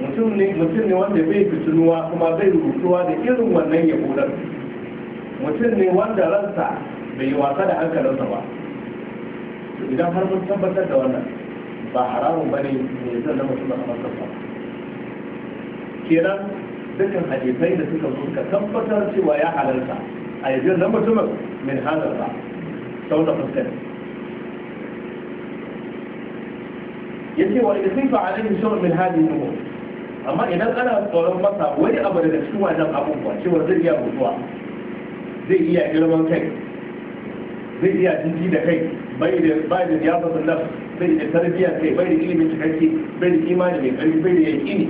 mutum ne mutum ne wanda bai fitinuwa kuma bai rubutuwa da irin wannan yahudar mutum ne wanda ransa bai yi wasa da hankalinsa ba idan har mun tabbatar da wannan ba haramun ba ne mai zan na mutum a ba kenan dukkan hadisai da suka zo ka tabbatar cewa ya halarta a yanzu na mutumin min ba. sau da fuskar yace wa a alayhi shawar min hadin al amma idan ana tsoron masa wani abu daga cikin wannan abubuwa cewa zai iya mutuwa zai iya girman kai zai iya jinji da kai bai da bai da ya fasa nan bai da tarbiyya kai bai da ilimin cikakke bai da imani mai karfi bai da yaƙini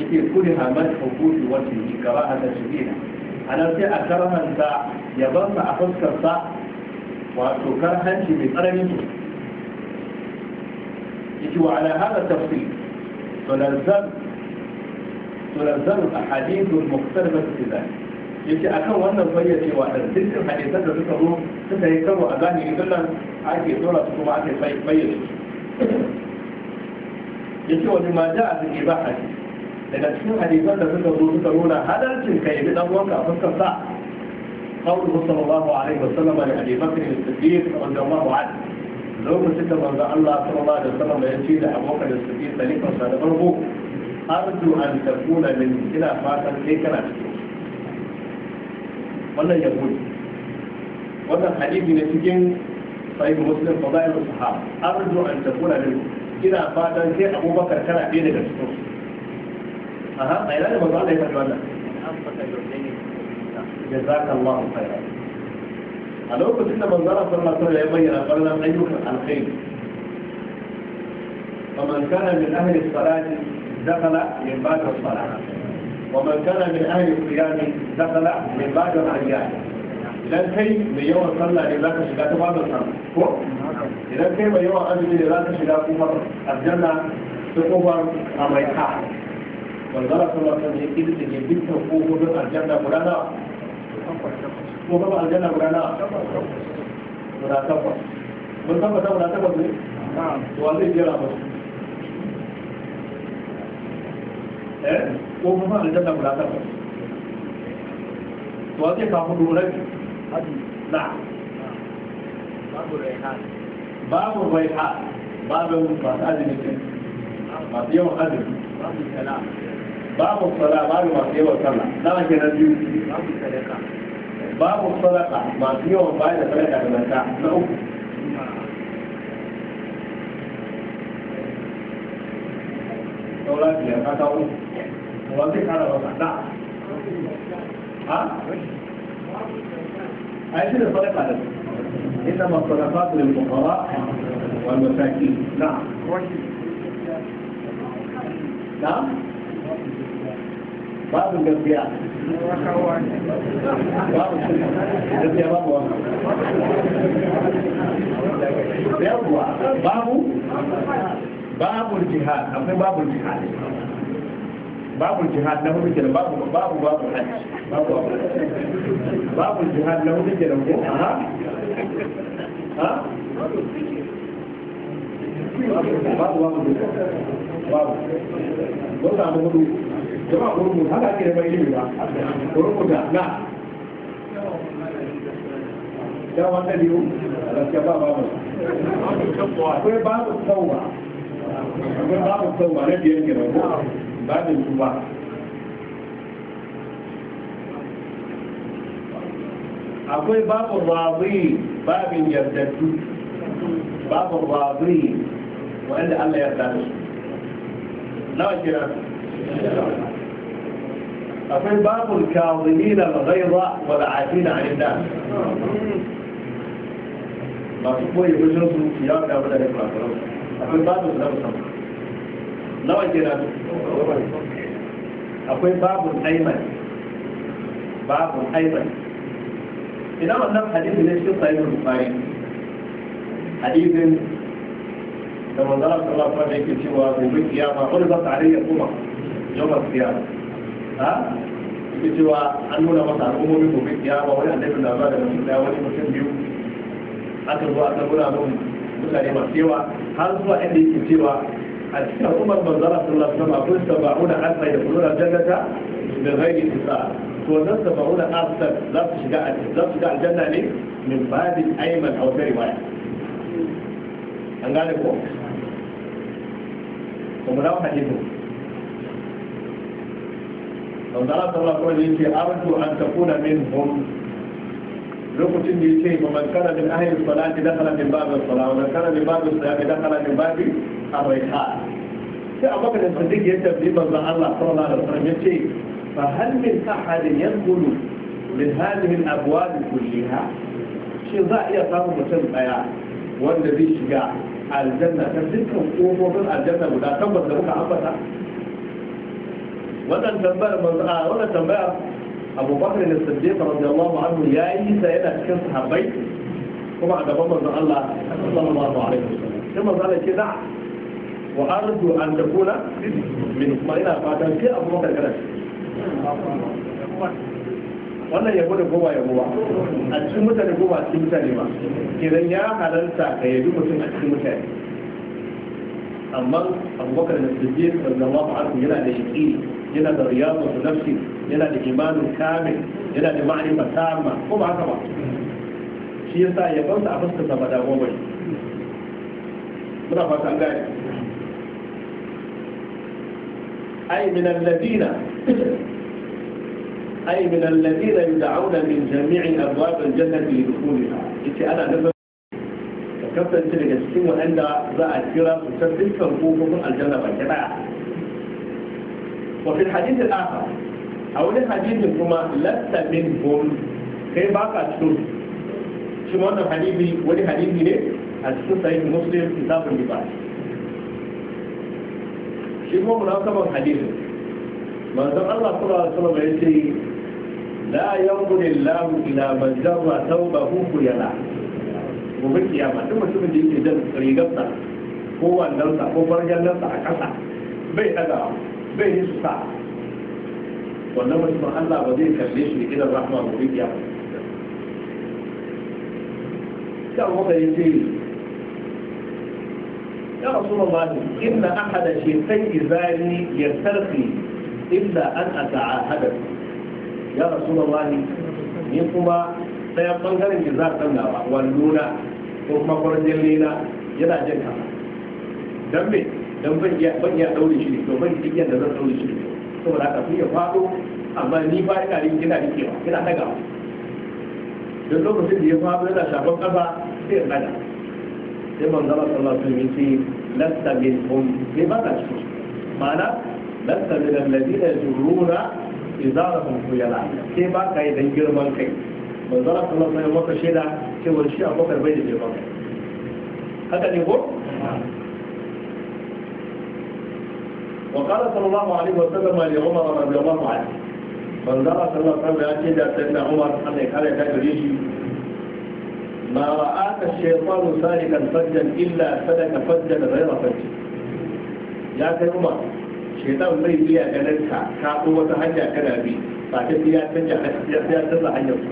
yake kuri hamar hukuki wata yi gaba a tashirina a nan sai a karhanta ya ban sa a fuskarsa wato karhanci mai tsananin yake wa ala hada tafsir تلزم تلزم الأحاديث المختلفة في ذلك يجي اكون وانا فيا في واحد تلك الحديثة تذكره تذكره أغاني يقول لها عاكي دولة تقوم عاكي فيا فيا يجي ولما جاء في الإباحة لأن تلك الحديثة تذكره تذكرون هذا الجن كي يبدأ وانك قوله صلى الله عليه وسلم لأبي بكر الصديق رضي الله عنه lokacin da manzo Allah sallallahu alaihi wasallam ya ce da abokan da suke tsalikon sa da farko arju an takuna min ina fatan kai kana cikin wannan yahudi wannan hadisi ne cikin sahih muslim fadail sahaba arju an takuna min ina fatan kai abubakar kana ɗaya daga cikin su aha a yana da manzo Allah ya faɗi wannan jazakallahu khairan على وقت إلا من ظرف الله تعالى يبين أفرنا من أيوك الحلقين ومن كان من أهل الصلاة دخل من بعد الصلاة ومن كان من أهل القيام دخل من بعد العيان إذن كي من يوم صلى لذلك الشكاة بعد الصلاة إذن كي من يوم أجل لذلك الشكاة كفر الجنة تقفر الريحة والظرف الله تعالى يبين بالتوفوه من الجنة مرانا ko ba aljanna guda na guda takwas mun san ba guda takwas ne to wa zai jera musu eh ko ba aljanna guda takwas to wa zai kafu durai na babu raihan babu raihan babu masu azumi ke masu yawan azumi babu sala babu sala babu masu yawan sallah na kenan biyu babu sadaka babu sadaka masu yawan bayar da sadaka da zakka na uku saura biyar ka kawo wa zai kara masa da ha ai shi da sadaka da inna ma sadaqatu lil fuqara wal masakin na na babu gaskiya babu gaskiya babu wannan yawwa babu babu jihad akwai babu jihad babu jihad na hudu kenan babu babu babu babu babu jihad na hudu kenan ko aha ha babu babu babu ko samu hudu jama'a kurkun haka ake da bai ba kurkun da na da wanda biyu gaskiya ba babu akwai babu tsawa akwai babu tsawa na biyar ke rabu babin tuba akwai babu razi babin yardattu babu razi wanda Allah ya yarda da su nawa kira akwai babul kazimina al-ghayza wal afina 'anil nas masu koyi wajen su ya da mutane kurakuran akwai babul na musamman nawa kenan akwai babul aiman babul aiman ina wannan hadisi ne cikin sahihul bukhari hadisin da manzara sallallahu alaihi wasallam yake cewa gobe kiyama wani ba tare ya ha ita cewa an nuna masa al'ummomi gobe kiyama wani annabi na zuwa da mutum wani mutum biyu aka zo aka nuna mun mutane masu yawa har zuwa inda yake cewa a cikin al'ummar manzara sallallahu alaihi wasallam akwai saba'una alfa da kullu jannata da ghairi hisab to wannan saba'una alfa za su shiga za su shiga aljanna ne min babin ayman aw riwaya an gane ko kuma da hadisin wanda Allah sallallahu ce wasallam yake arju an takuna minhum lokacin da ce ba man kana min ahli salati dakhala min bab as-salat wa man kana min bab as da dakhala min bab ar-riha sai abaka da siddiq ya tabbi manzo Allah sallallahu alaihi wasallam yace fa hal min ahadin yanzuru min hadhihi al-abwab kulliha shi za iya samun mutum daya wanda zai shiga aljanna ta dukkan kofofin aljanna guda tabbas da muka ambata wannan tambayar manzo a wannan tambaya Abu Bakar da Siddiq radiyallahu anhu yayi ta yana cikin sahabbai kuma a gaban manzo Allah sallallahu alaihi wasallam sai manzo Allah ce da wa arju an takuna min kuma ina fatan sai Abu Bakar kana wannan yabo da kowa yabo ba a cikin mutane ko a cikin mutane ba idan ya halarta ka yabi mutum a cikin mutane amma abubakar da sujiyar da zama ba yana da shi yana da riyadu da nafsi yana da imanin kamil yana da ma'arifa tamma ko ba haka ba shi yasa ya bansa a fuskar da bada goma ne muna fata an gane ay min alladina ay min alladina yud'auna min jami'i abwab aljannati lidkhulha yace ana nufin ka kasance daga cikin wanda za a kira su ta dukkan kofofin aljanna baki daya وفي الحديث الآخر أو الحديث كما لست منهم كيف باقى تشوف شو وانا حديثي ولي حديثي ليه أشوف صحيح مسلم كتاب النباش شو هو مناسبة حديث ما زال الله صلى الله عليه وسلم يقول لا ينظر الله إلى من جر ثوبه خيلا gobe kiyama duk mutumin da yake jan rigarsa ko wandonsa ko farjan a ƙasa bai ɗagawa bai ne su sa wannan ba Allah ba zai kalle shi idan rahma gobe kiyama sai Abubakar ya ce يا رسول الله إن أحد شيئين ذاني يسترخي إلا أن أتعاهده يا رسول ni kuma ɗaya ɓangaren ki za a ɗan nawa walluna ko kuma kwarjin lena yana jin kama don me dan ban iya ban iya daure shi ne to ban iya da zan daure shi ne saboda haka sai ya fado amma ni ba ina rin kina rikewa kina daga don lokacin da ya fado yana shafan kasa sai ya daga sai manzala sallallahu alaihi wasallam sai lasta minhum bai ba ka cikin ma'ana lasta min alladhina yajuruna izarahum khuyala sai ba ka yi dan girman kai manzala sallallahu alaihi wasallam maka shaida cewa shi abubakar bai da girman kai haka ne ko وقال صلى الله عليه وسلم لعمر رضي الله عنه من ذرى صلى الله عليه وسلم يجد سيدنا عمر أن يخلق يجريه ما رآك الشيطان سالكا فجا إلا سلك فجا غير فج يا سيد عمر الشيطان زي بيا جنتها كاكو وتهجى كلابي فاتت يا سنجا يا سنجا حيوك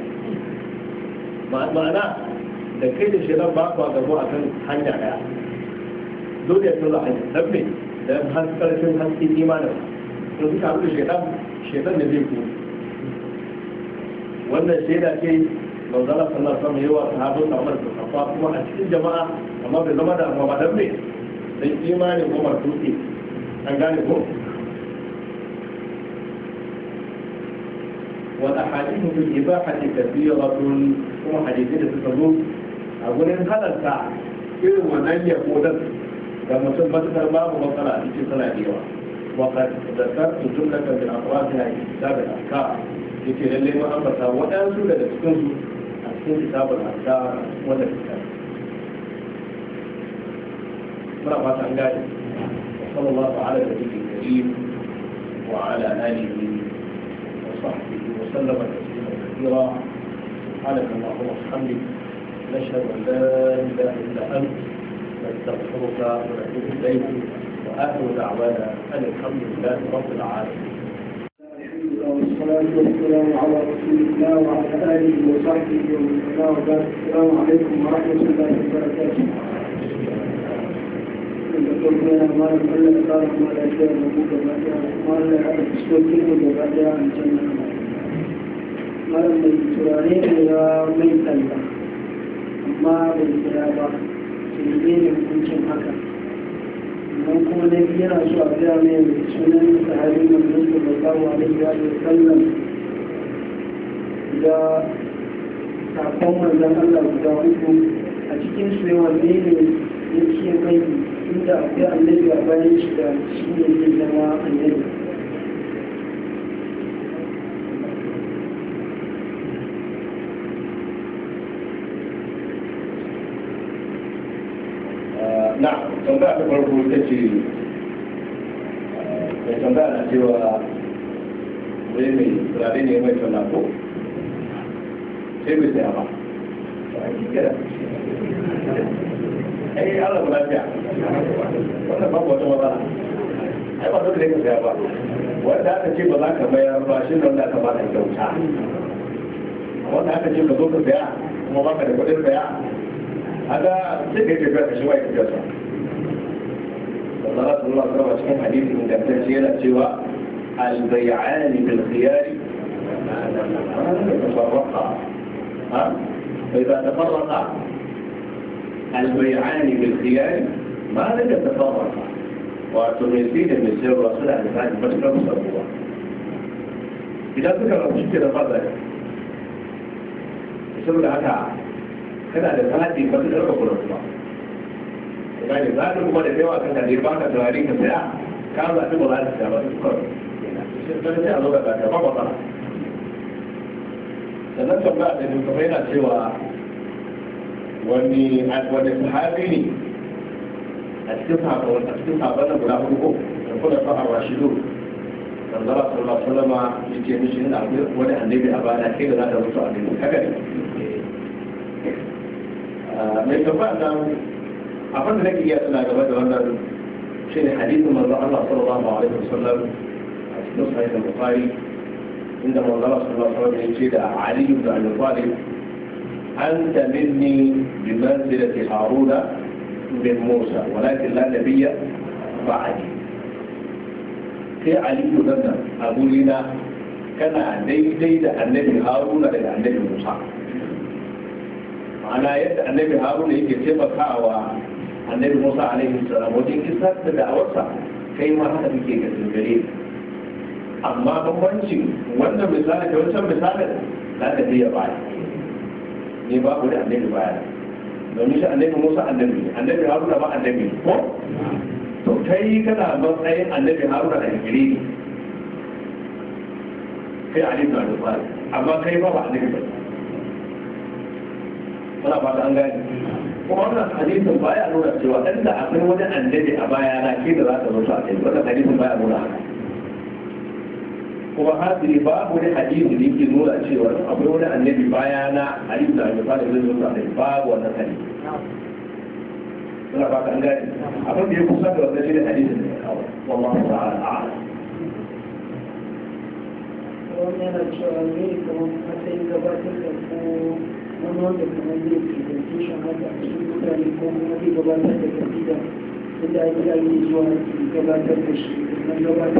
ma'ana da kai da shirar ba ku a gabo a kan hanya daya dole ya tura hanya don me dan har karfin hasken imanin da suka haɗu da shaitan da zai kuma wannan shaida ce manzala sallar sama yawa sahabin samar da kafa kuma a cikin jama'a amma bai zama da amma ba dan mai dan imanin umar an gane ko والأحاديث في الإباحة كثيرة كما حديثين تتبوك أقول إن هذا الساعة إيه ونن يقول ga mutum matukar babu matsala a cikin tana da yawa وقد ذكرت جملة من أطرافها في كتاب الأفكار يتي للي ما أنبتا وأن سولة تكون أسكن كتاب الأفكار ولا كتاب مرحبا تنقال وصلى الله على النبي الكريم وعلى آله وصحبه وسلم تسليما كثيرا سبحانك اللهم وبحمدك نشهد أن لا إله إلا أنت نستغفرك ونتوب إليك وآخر دعوانا أن الحمد لله رب العالمين والصلاة والسلام على رسول الله وعلى آله وصحبه ومن والاه السلام عليكم ورحمة الله وبركاته. أن من menene hukuncin haka don kuma na biyu yana so a gaya mai mai sunan sahabi manzon sallallahu alaihi wa sallam da sakon manzon Allah guda uku a cikin su yawan ne ne yake mai inda akwai annabi a bayan shi da shi ne zai zama annabi farko ta ce da eh, tambaya na cewa zai mai turare ne mai tona ko sai bai saya ba ai Allah mu lafiya wannan babu wata matsala ai ba dole ne ka saya ba wanda aka ce ba za ka bayar ba shi da wanda aka ba da kyauta wanda aka ce ka zo ka saya kuma ba ka da kuɗin saya ga sai ka yi tafiya ka shi wa ya tafiya sa صلاة الله عليه وسلم حديث من inda ta سوى البيعان بالخيار albay'an ها فإذا تفرقا البيعان بالخيار ما لك يتفرقا وتميزين من سير الرسول عن هذه المسألة صلى الله إذا ذكر المشكلة قبل يسمى لها كان على هذه المسألة الله gane za ka kuma da yawa kan kaje ba ka turare ka tsaya ka zaɓi ba za ka saya ba su kawai sai a zo ka ta ba ba sannan kan ba da kuma yana cewa wani wani sahabi ne a cikin sahabban a cikin sahabban nan guda hudu da kuma sahabba shido sallallahu alaihi wasallam yake mishi ina wani annabi a bana kai da za ta mutu a gani haka ne eh, mai tabbata abin da nake iya suna gaba da wannan shi ne hadisin manzo Allah sallallahu alaihi wasallam a cikin sahih al-bukhari inda manzo Allah sallallahu alaihi wasallam ya ce da Ali ibn Abi Talib anta minni bi manzilati Haruna bin Musa walakin la nabiyya ba'di kai Ali ibn Abi Lina kana daidai da annabi Haruna da annabi Musa ma'ana yadda annabi Haruna yake taimakawa annabi musa alaihi salam wajen kisar da da'awarsa kai ma haka kake ga dogare amma bambanci wannan misali da wancan misalin za ka je ya baya ne ba ku da annabi baya domin shi annabi musa annabi annabi haruna ba annabi ko to kai kana matsayin annabi haruna da gare kai a na da baya amma kai ba ba annabi ba kana ba ta an gane kuma wannan hadisin baya nuna cewa dan da akwai wani annabi a baya na ke da za ta mutu a kai wannan hadisin baya nuna kuma hadiri babu wani hadisi da yake nuna cewa akwai wani annabi baya na hadisi da ake fara zai mutu a kai babu wannan hadisi suna ba ka an abin da ya kusa da wannan shine hadisin da ya kawo wallahu ta'ala a'lam yana cewa ne kamar matsayin gabatar da ko wani wanda kamar yake kamata a cikin mutane ko kuma zai da zuwa gabatar da shi gabatar da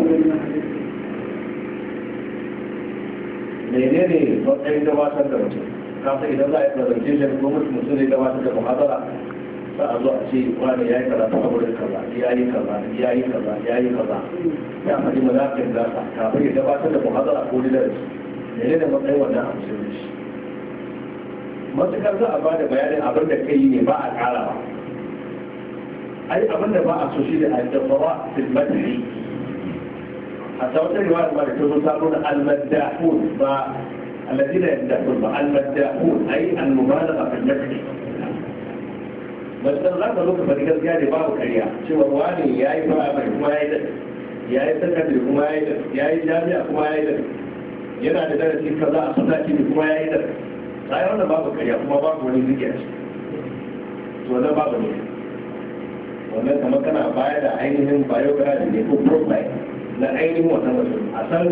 menene matsayin gabatar da mutum kasa idan za a yi presentation ko mutum mutum zai gabatar da muhadara za a zo a ce wani ya yi kaza ta wurin kaza ya yi kaza ya yi kaza ya yi kaza ya faɗi malakin nasa kafin ya gabatar da muhadara ko lidarsu menene matsayin wannan a shi? matukar za a ba da bayanin abin da kai ne ba a ƙara ba ai abin da ba a so shi da addabawa filmatri a sautar riwayar ba da ta zo sabo da almaddahun ba الذين يمدحون المداحون أي المبالغة في المدح بس أنا غير لوك فريق الجاري باو كريا شو واني يا إبا أبا يا إسكندر كما يا جامعة كما يا ينا لدرجة كذا أصلاك كما يا sai wannan babu karya kuma babu wani zuke a ciki wannan babu ne wannan kamar kana baya da ainihin biography ne ko profile na ainihin wannan mutum a san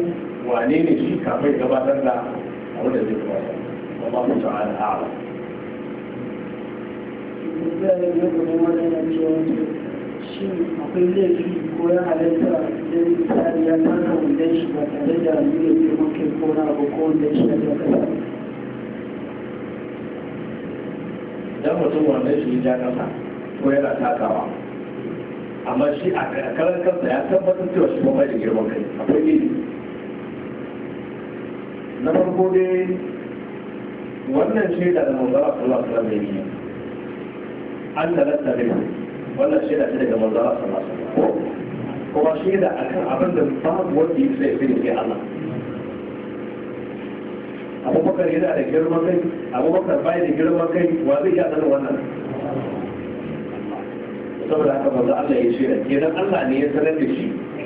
wane ne shi kafin gabatar da abin da zai gabatar Allah mu ta'ala a'lam shin akwai laifi ko ya halatta da misali ya tarka wanda shi ba tare da nuna girman kai ko na abu ko wanda shi ya idan mutum wanda shi ya kasa ko yana takawa amma shi a karan kansa ya tabbatar cewa shi mamaye da girman kai akwai ne na farko dai wannan shaida da manzara sallallahu alaihi wasallam ne an da lasta ne wannan da shi daga manzara sallallahu alaihi kuma shaida akan abin da babu wanda ya sai sai Allah abubakar yana da girman kai abubakar bai da girman kai wa zai iya sanin wannan saboda haka manzo Allah ya shirya kenan Allah ne ya sanar da shi